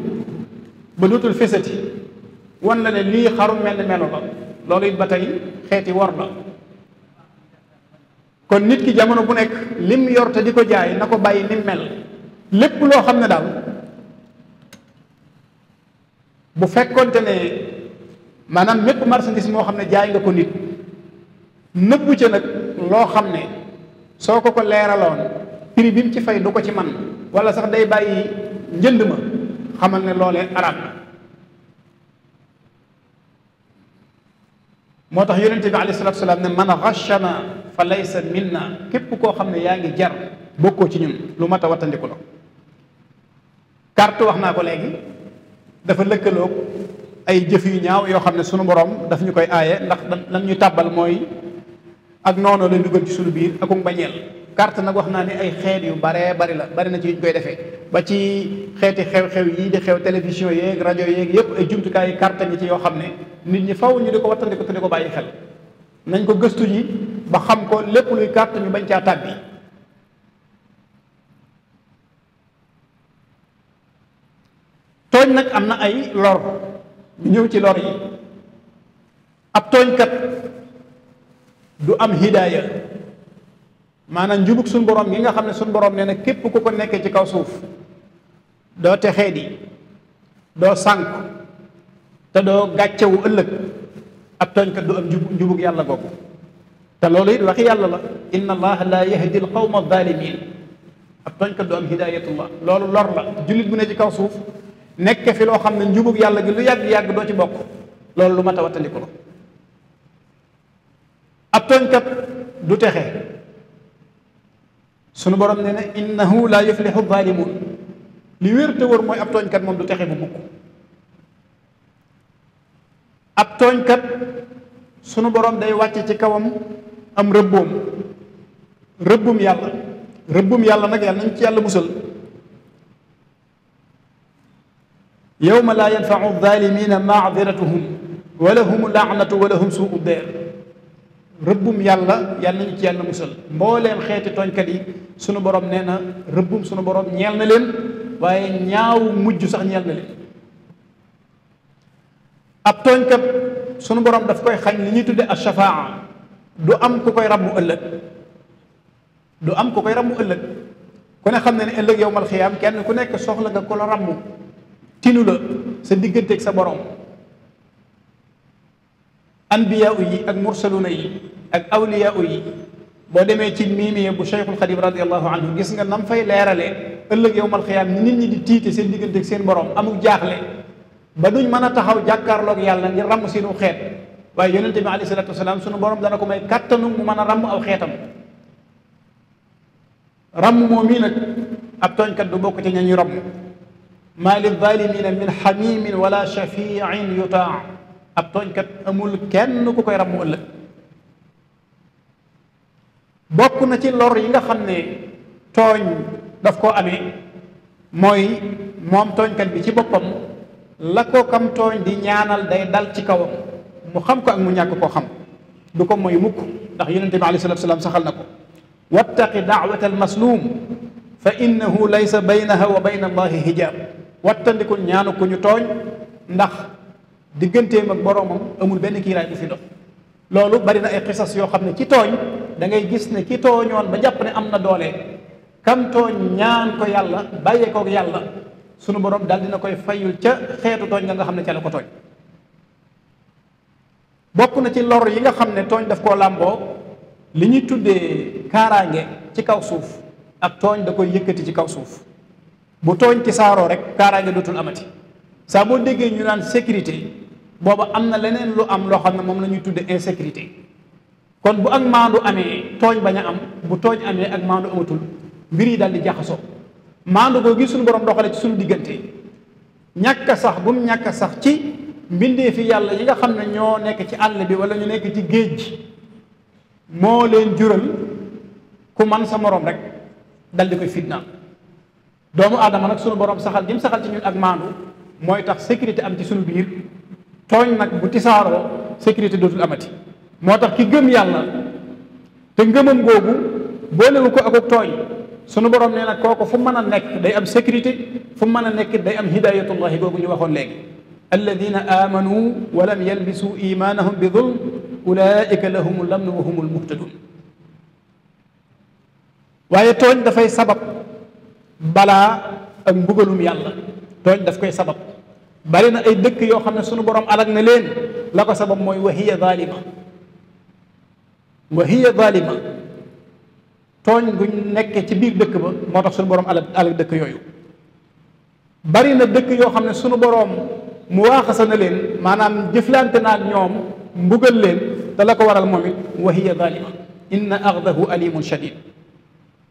ba dootul fésati wan la ne lii xarum mel melo la loolu it ba tey xeeti wor la kon nit ki jamono bu nekk lim yor te di ko jaay na ko bàyyi ni mel lépp loo xam ne daal bu fekkonte ne maanaam mépp marchandise moo xam ne jaay nga ko nit nëbbu ca nag loo xam ne soo ko ko leeraloon prix ci fay du ko ci man wala sax day bàyyi njënd ma xamal ne loolee arab moo tax yonent bi alayhi salaatu salaam ne man ghashana fa laysa minna képp koo xam ne yaa ngi jar bokkoo ci ñun lu mat a wattandiku la carte wax naa ko léegi dafa lëkkaloog ay jëf yu ñaaw yoo xam ne sunu borom daf ñu koy aaye ndax lan ñu tàbbal mooy ak noonoo lay duggal ci sunu biir akum bañeel carte nag wax naa ni ay xeet yu baree bari la bari na ci yuñ koy defee ba ci xeeti xew-xew yii di xew télévision yeeg rajo yeeg yëpp ay jumtukaay carte ngi ci yoo xam ne nit ñi faw ñu di ko wattandiku te di ko bàyyi xel nañ ko gëstu ji ba xam ko lépp luy carte ñu bañ caa tàbbi tooñ nag am na ay lor ñu ñëw ci lor yi ab tooñkat du am hidaaya maanaam njubug suñ boroom gi nga xam ne suñ borom nee na képp ku ko nekkee ci kaw suuf doo texee di doo sànk te doo gàccewu ëllëg ab tooñkat du am njubug yàlla googu te loolu it waxi yàlla la inna allaha la yahdi al qawma zalimin ab tooñkat du am hidayatullah loolu lor la jullit bu ne ci kaw suuf nekk fi loo xam ne njubug yàlla gi lu yàgg-yàgg doo ci bokk loolu lu mat a wattandiku la ab tooñkat du texe sunu borom nee na innahu laa yuflixu zaalimuun li wiir te wër mooy ab tooñkat moom du texe bu mukk ab tooñkat sunu borom day wàcce ci kawam am rëbboom rëbbum yàlla rëbbum yàlla nag yàlla nañ ci yàlla musal yawma laa yanfau zaalimiina maadiratuhum wa lahum laanatu wa lahum suu deer rëbbum yàlla yàlla nañu ci yàlla musal mbooleem xeeti tooñkat yi sunu borom nee na rëbbum sunu boroom ñeel na leen waaye ñaawu mujj sax ñeel na leen ab tooñkat sunu borom daf koy xañ li ñuy tuddee al shafaa du am ku koy rabbu ëllëg du am ku koy rabbu ëllëg ku ne xam ne ne ëllëg yow yowmal xiyaam kenn ku nekk soxla nga ko la rabbu tinu la sa digganteeg sa borom anbiya u yi ak mursaluna yi ak awliya u yi boo demee ci miimiye bu cheikhul xadim radiallahu anhu gis nga nam fay leeralee ëllëg yowmal xiyaam nit ñi di tiite seen diggante ak seen borom amul jaaxle ba duñ mën a taxaw jàkkaarloog yàlla ngir ràmm seenu xeet waaye yonente bi alayhi salatu wasalaam sunu borom dana ko may kàttanu mu mën a ràmm aw xeetam ràmm moo mii nag ab tooñkat du bokk ci ña ñuy ràmm maa lil zalimina min xamimin wala shafiin yutaa ab tooñkat amul kenn ku koy ràmmu ëllëg bokk na ci lor yi nga xam ne tooñ daf koo amee mooy moom tooñkat bi ci boppam la ko kam tooñ di ñaanal day dal ci kawam mu xam ko ak mu ñàkk koo xam du ko moy mukk ndax yonente bi aleyhi salaatu salaam saxal na ko wattaqi daawata al masluum fa innahu laysa baynaha wa bayna allahi hijaab wattandikul ñaanu ku tooñ ndax digganteem ak boromam amul benn kiiraay bu fi dox loolu bari na ay xisas yoo xam ne ci tooñ da ngay gis ne ki tooñoon ba jàpp ne am na doole kam tooñ ñaan ko yàlla bàyyee ko yàlla sunu borom daal dina koy fayul ca xeetu tooñ nga nga xam ne ca la ko tooñ bokk na ci lor yi nga xam ne tooñ daf koo làmboo li ñuy tuddee kaaraange ci kaw suuf ak tooñ da koy yëkkati ci kaw suuf bu tooñ ci saaroo rek kaaraange dootul amati saa boo déggee ñu naan sécurité booba am na leneen lu am loo xam ne moom lañuy ñuy tudde insécurité kon bu ak maandu amee tooñ bañ a am bu tooñ amee ak maandu amatul mbir yi daal di jaxasoo maandu gis suñu borom doxale ci suñu diggante ñàkk sax bu mu ñàkk sax ci mbindee fi yàlla yi nga xam ne ñoo nekk ci àll bi wala ñu nekk ci géej gi moo leen jural ku man sa moroom rek daldi di koy fitnaal doomu aadama nag sunu borom saxal gi mu saxal ci ñun ak maandu mooy tax sécurité am ci suñu biir tooñ nag bu ti tisaaroo sécurité dootul amati moo tax ki gëm yàlla te ngëmam googu boolewu ko ak tooñ sunu borom nee na kooku fu mën a nekk day am sécurité fu mën a nekk day am hidayatullahi googu ñu waxoon léegi alladina amanu wa lam yalbisu imanahum bi zulm ulaika lahum lamnu wa humul muhtadun waaye tooñ dafay sabab bala ak mbugalum yàlla tooñ daf koy sabab bari na ay dëkk yoo xam ne sunu borom alag na leen loko ko sabab mooy wahiya zalima wahiya zalima tooñ guñ nekkee ci biir dëkk ba moo tax sunu borom alag alag dëkk yooyu bari na dëkk yoo xam ne sunu borom mu waaxasa na leen maanaam jëflante na ak ñoom mbugal leen te la ko waral moom it wahiya zalima inna axdahu alimun shadid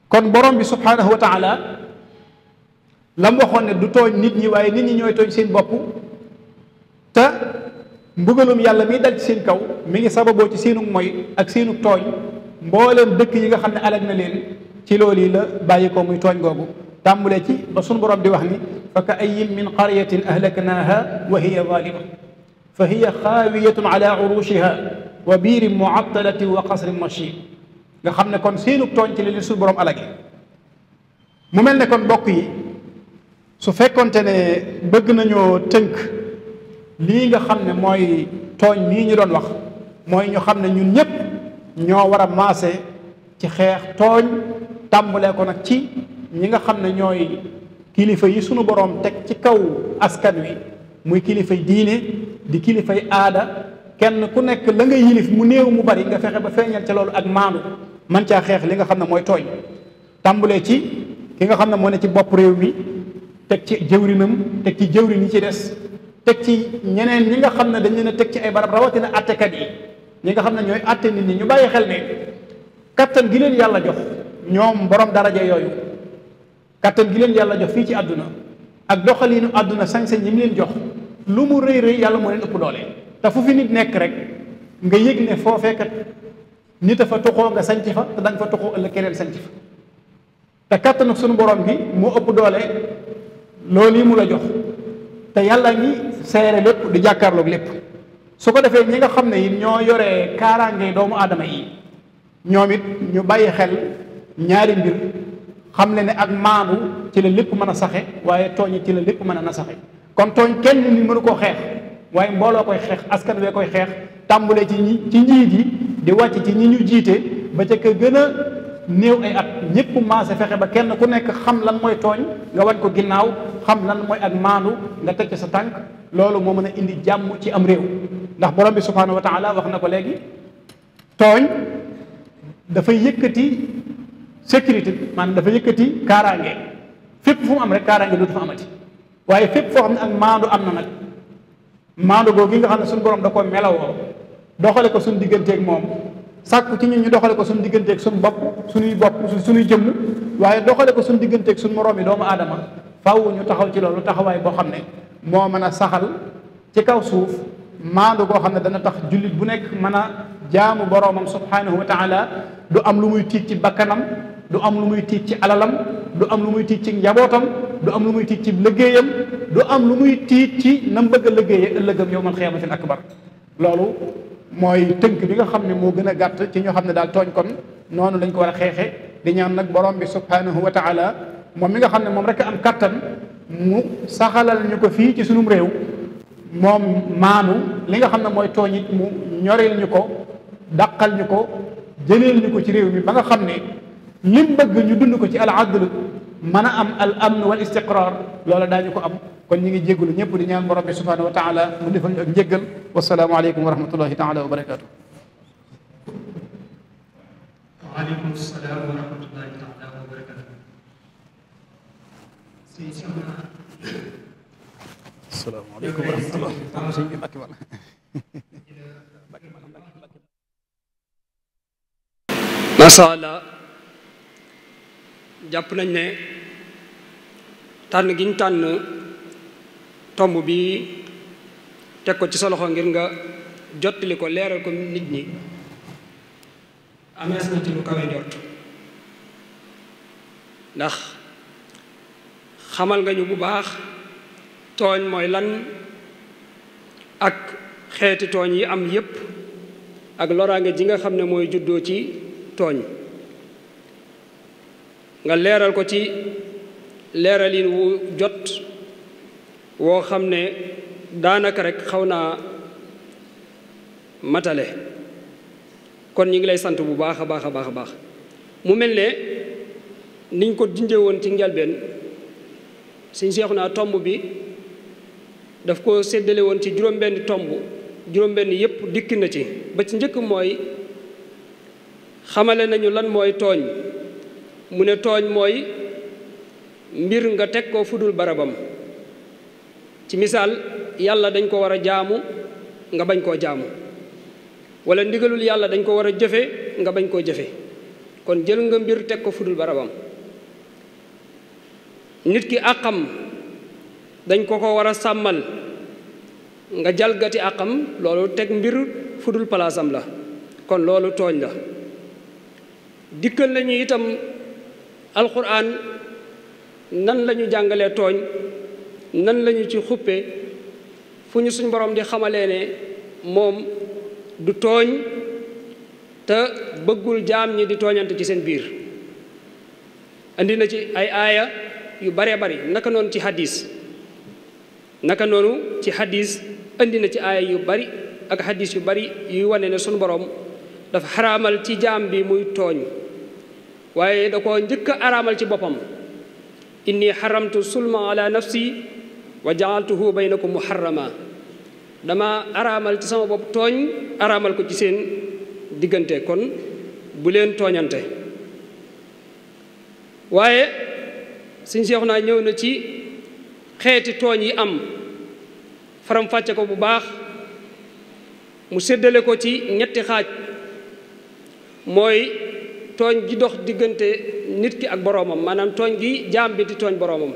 kon borom bi subhanahu wa taala lam waxoon ne du tooñ nit ñi waaye nit ñi ñooy tooñ seen bopp te mbugalum yàlla miy dal ci seen kaw mi ngi sababoo ci seenu moy ak seenu tooñ mbooleem dëkk yi nga xam ne alag na leen ci loolu yi la bàyyi ko muy tooñ googu tàmbulee ci ba sunu borom di wax ni fa ka ayin min qaryatin ahlaknaha wa hiya zalima fa hiya xaawiyatun ala urushiha wa biirin muattalatin wa qasrin mashid nga xam ne kon seenu tooñ ci li leen borom alage mu mel ne kon bokk yi su fekkonte ne bëgg nañoo tënk lii nga xam ne mooy tooñ mii ñu doon wax mooy ñu xam ne ñun ñëpp ñoo war a maase ci xeex tooñ tàmbalee ko nag ci ñi nga xam ne ñooy kilifa yi sunu boroom teg ci kaw askan wi muy kilifay diine di kilifay aada kenn ku nekk la nga yilif mu néew mu bari nga fexe ba feeñal ca loolu ak maandu man caa xeex li nga xam ne mooy tooñ tàmbalee ci ki nga xam ne moo ne ci bopp réew mi teg ci jëwrinam teg ci jëwrin yi ci des teg ci ñeneen ñi nga xam ne dañ leen a teg ci ay barab rawatina attekat yi ñi nga xam ne ñooy atte nit ñi ñu bàyyi xel ne kàttan gi leen yàlla jox ñoom borom daraja yooyu kattan gi leen yàlla jox fii ci àdduna ak doxaliinu àdduna sañ-sañ yi mu leen jox lu mu rëy rëy yàlla moo leen ëpp doole te fu fi nit nekk rek nga yëg ne foofee kat nit a fa tuxoo nga sañc fa te da fa tuxoo ëllëg keneen sanc fa te kàttan ak sunu borom doole loolu yi mu la jox te yàlla ngi seere lépp di jàkkaarloog lépp su ko defee ñi nga xam ne yi ñoo yore kaaraange doomu aadama yi ñoom it ñu bàyyi xel ñaari mbir xam ne ne ak maandu ci la lépp mën a saxe waaye tooñ ci la lépp mën a na saxe kon tooñ kenn ni mënu koo xeex waaye mbooloo koy xeex askan wee koy xeex tàmbule ci ñi ci njiit yi di wàcc ci ñi ñu jiite ba ca ka gën néew ay at ñëpp maase fexe ba kenn ku nekk xam lan mooy tooñ nga wañ ko ginnaaw xam lan mooy ak maandu nga teg ci sa tànk loolu moo mën a indi jàmm ci am réew ndax borom bi subhaanahu wa taala wax na ko léegi tooñ dafay yëkkati sécurité maanaam dafa yëkkati kaaraange fépp fu mu am rek kaaraange lu dafa amati waaye fépp foo xam ne ak maandu am na nag maandu googu nga xam ne suñu borom da koo melawoo doxale ko suñu digganteeg moom sàkku ci ñun ñu doxale ko suñu digganteeg suñu bopp suñuy bopp suñuy jëmm waaye doxale ko suñu digganteeg suñu moroom yi doomu adama faaw ñu taxaw ci loolu taxawaay boo xam ne moo mën a saxal ci kaw suuf maandu goo xam ne dana tax jullit bu nekk mën a jaamu boroomam subhaanahu wa taala du am lu muy tiit ci bakkanam du am lu muy tiit ci alalam du am lu muy tiit ci njabootam du am lu muy tiit ci liggéeyam du am lu muy tiit ci nam bëgg a liggéeyee ëllëgam yowmal xiyaamatil akbar loolu mooy tënk bi nga xam ne moo gën a gàtt ci ñoo xam ne daal tooñ kon noonu lañ ko war a xeexe di ñaan nag borom bi subhanahu wa taala moom mi nga xam ne moom rek am kattan mu saxalal ñu ko fii ci sunum réew moom maanu li nga xam ne mooy tooñ mu ñoreel ñu ko dàqal ñu ko jëleel ñu ko ci réew mi ba nga xam ne lim bëgg ñu dund ko ci al adl mën a am al amn wal istiqrar loola daañu ko am kon ñu ngi jégalu ñëpp di ñaan borom bi subhanahu mu defal ñu ak njéggal salaam wa rahmatullahi taala wa barakaatu. salaamaaleykum wa rahmatulah. macha allah jàpp nañ ne tànn tomb bi teg ko ci sa loxo ngir nga jottali ko leeral ko nit ñi amees na ci lu kawe jot ndax xamal nga ñu bu baax tooñ mooy lan ak xeeti tooñ yi am yépp ak loraange ji nga xam ne mooy juddoo ci tooñ nga leeral ko ci leeralin wu jot woo xam ne daanaka rek xaw naa matale kon ñu ngi lay sant bu baax a baax a baax a baax mu mel ne niñ ko dindee woon ci njalbeen suñ seexu naa tomb bi daf ko séddale woon ci juróom-benn tomb juróom-benn yépp dikk na ci ba ci njëkk mooy xamale nañu lan mooy tooñ mu ne tooñ mooy mbir nga teg ko fudul barabam ci misaal yàlla dañ ko war a jaamu nga bañ koo jaamu wala ndigalul yàlla dañ ko war a jëfe nga bañ koo jëfe kon jël nga mbir teg ko fudul barabam nit ki àqam dañ ko ko war a sàmmal nga jalgati àqam loolu teg mbir fudul palaasam la kon loolu tooñ la dikkal lañu itam alquran nan lañu jàngalee tooñ nan lañu ci xuppe fu ñu suñ boroom di xamalee ne moom du tooñ te bëggul jaam ñi di tooñante ci seen biir andi na ci ay aaya yu baree bari naka noonu ci hadis naka noonu ci hadis andi na ci aaya yu bari ak hadis yu bari yuy wane ne suñ boroom dafa xaramal ci jaam bi muy tooñ waaye da koo njëkk aramal ci boppam inni xaramtu sulma ala nafsi na ko mu muharrama dama araamal ci sama bopp tooñ araamal ko ci seen diggante kon bu leen tooñante waaye suñ seexu naa ñëw na ci xeeti tooñ yi am faramfàcce ko bu baax mu seddale ko ci ñetti xaaj mooy tooñ gi dox diggante nit ki ak boroomam maanaam tooñ gi jaam bi di tooñ boroomam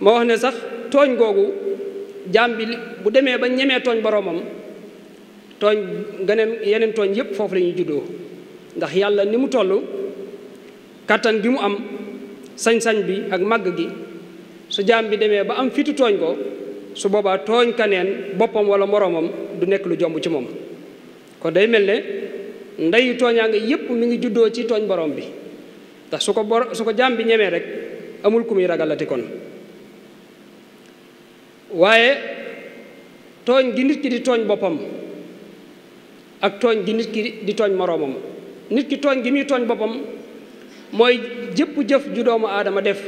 moo wax ne sax tooñ googu jaam bi bu demee ba ñemee tooñ boroomam tooñ geneen yeneen tooñ yépp foofu lañuy juddoo ndax yàlla ni mu toll kàttan gi mu am sañ-sañ bi ak màgg gi su jaam bi demee ba am fitu tooñ ko su boobaa tooñ kaneen boppam wala moroomam du nekk lu jomb ci moom kon day mel ne ndeyu tooñaa nga yépp mi ngi juddoo ci tooñ boroom bi ndax su ko bor su ko jaam bi ñemee rek amul ku muy ragalati kon waaye tooñ gi nit ki di tooñ boppam ak tooñ gi nit ki di tooñ moroomam nit ki tooñ gi muy tooñ boppam mooy jëpp jëf ju doomu aadama def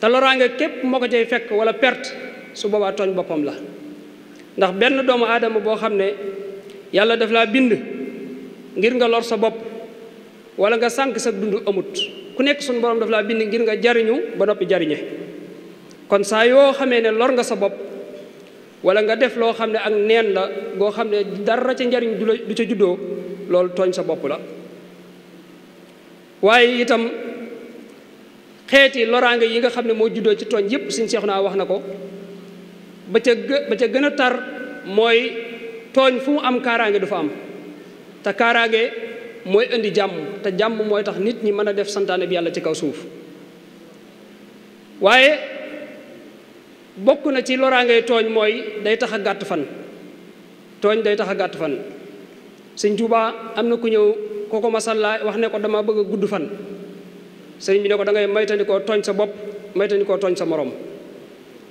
te loraange képp moo ko cay fekk wala perte su boobaa boppam la ndax benn doomu aadama boo xam ne yàlla daf laa bind ngir nga lor sa bopp wala nga sanq sa dund amut ku nekk suñu borom daf laa bind ngir nga jariñu ba noppi jariñe kon saa yoo xamee ne lor nga sa bopp wala nga def loo xam ne ak neen la goo xam ne dara ca njariñ du la du ca juddoo loolu tooñ sa bopp la waaye itam xeeti loraange yi nga xam ne moo juddoo ci tooñ yépp suñ seex naa wax na ko ba ca ba ca gën a tar mooy tooñ fu mu am kaaraange du fa am te kaaraange mooy indi jàmm te jàmm mooy tax nit ñi mën a def santaane bi yàlla ci kaw suuf waaye bokk na ci loraangay tooñ mooy day tax a gàtt fan tooñ day tax gàtt fan sëñ Tuuba am na ku ñëw kooku masalla wax ne ko dama bëgg a gudd fan sëñ bi ne ko da ngay maytandikoo tooñ sa bopp maytandikoo tooñ sa morom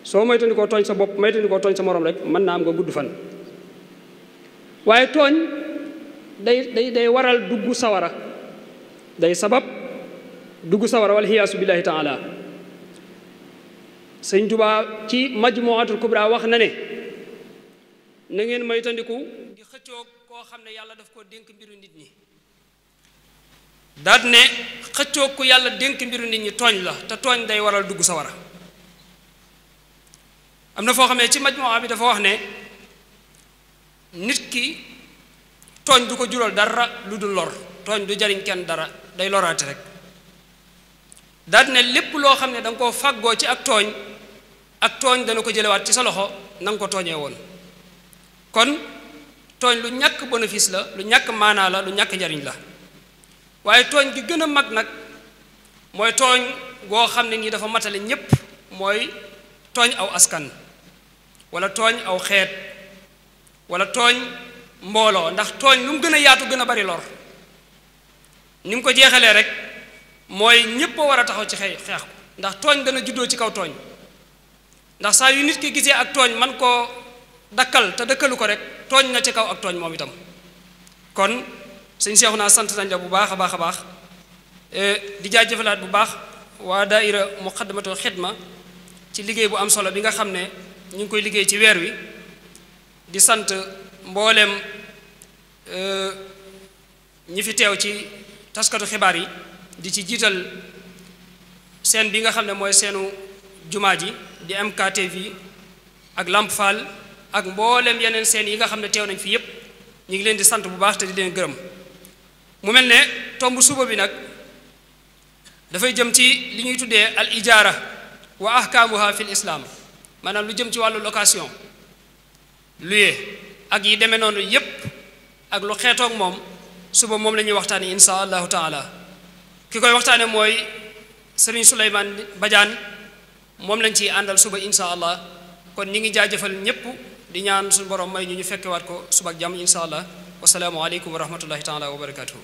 soo maytandikoo tooñ sa bopp maytandikoo tooñ sa morom rek mën naa am nga gudd fan waaye tooñ day day day waral dugg sawara day sabab dugg sawara wal xiyaasu billaahi taala sëñ Tuubaa ci majmuatul kubra wax na ne na ngeen moytandiku di xëccoo koo xam ne yàlla daf koo dénk mbiru nit ñi daat ne xëccoo ko yàlla dénk mbiru nit ñi tooñ la te tooñ day waral dugg sa wara am na foo xam ne ci majmuwa bi dafa wax ne nit ki tooñ du ko jural dara lu dul lor tooñ du jariñ kenn dara day loraate rek daad ne lépp loo xam ne danga nga koo fàggoo ci ak tooñ ak tooñ dana ko jëlewaat ci sa loxo nanga ko tooñee woon kon tooñ lu ñàkk bénéfice la lu ñàkk maanaa la lu ñàkk njariñ la waaye tooñ gi gën a mag nag mooy tooñ goo xam ne nii dafa matale ñépp mooy tooñ aw askan wala tooñ aw xeet wala tooñ mbooloo ndax tooñ lu mu gën a yaatu gën a bari lor ni mu ko jeexalee rek mooy ñépp war a taxaw ci xeex ko ndax tooñ dana juddoo ci kaw tooñ ndax saa yu nit ki gisee ak tooñ man koo dakkal te dëkkalu ko rek tooñ na ci kaw ak tooñ moom itam kon sëñ seexu naa sant nañ la bu baax a baax a baax e, di jëfalaat bu baax waa mu daaira muqaddamatul xidma ci liggéey bu am solo bi nga xam ne ñu ngi koy liggéey ci weer wi di sant mbooleem e, ñi fi teew ci taskatu xibaar yi di ci jiital seen bi nga xam ne mooy seenu jumaa ji di MKTV ak Lamp Fall ak mboolem yeneen seen yi nga xam ne teew nañ fii yëpp ñu ngi leen di sant bu baax te di leen gërëm mu mel ne tomb suba bi nag dafay jëm ci li ñuy tuddee al ijaara wa ahkaamuha fil islaam maanaam lu jëm ci wàllu location luye ak yi demee noonu yépp ak lu xeetoog moom suba moom la ñuy waxtaane insha allahu taala ki koy waxtaane mooy sëriñ Souleymane Badiane moom lañ ciy àndal suba insha allah kon ñi ngi jaajëfal ñëpp di ñaan suñu borom may ñu ñu fekkewaat ko suba ak jàmm insha allah wasalaamu aleykum wa rahmatullahi taala wa barakatuhu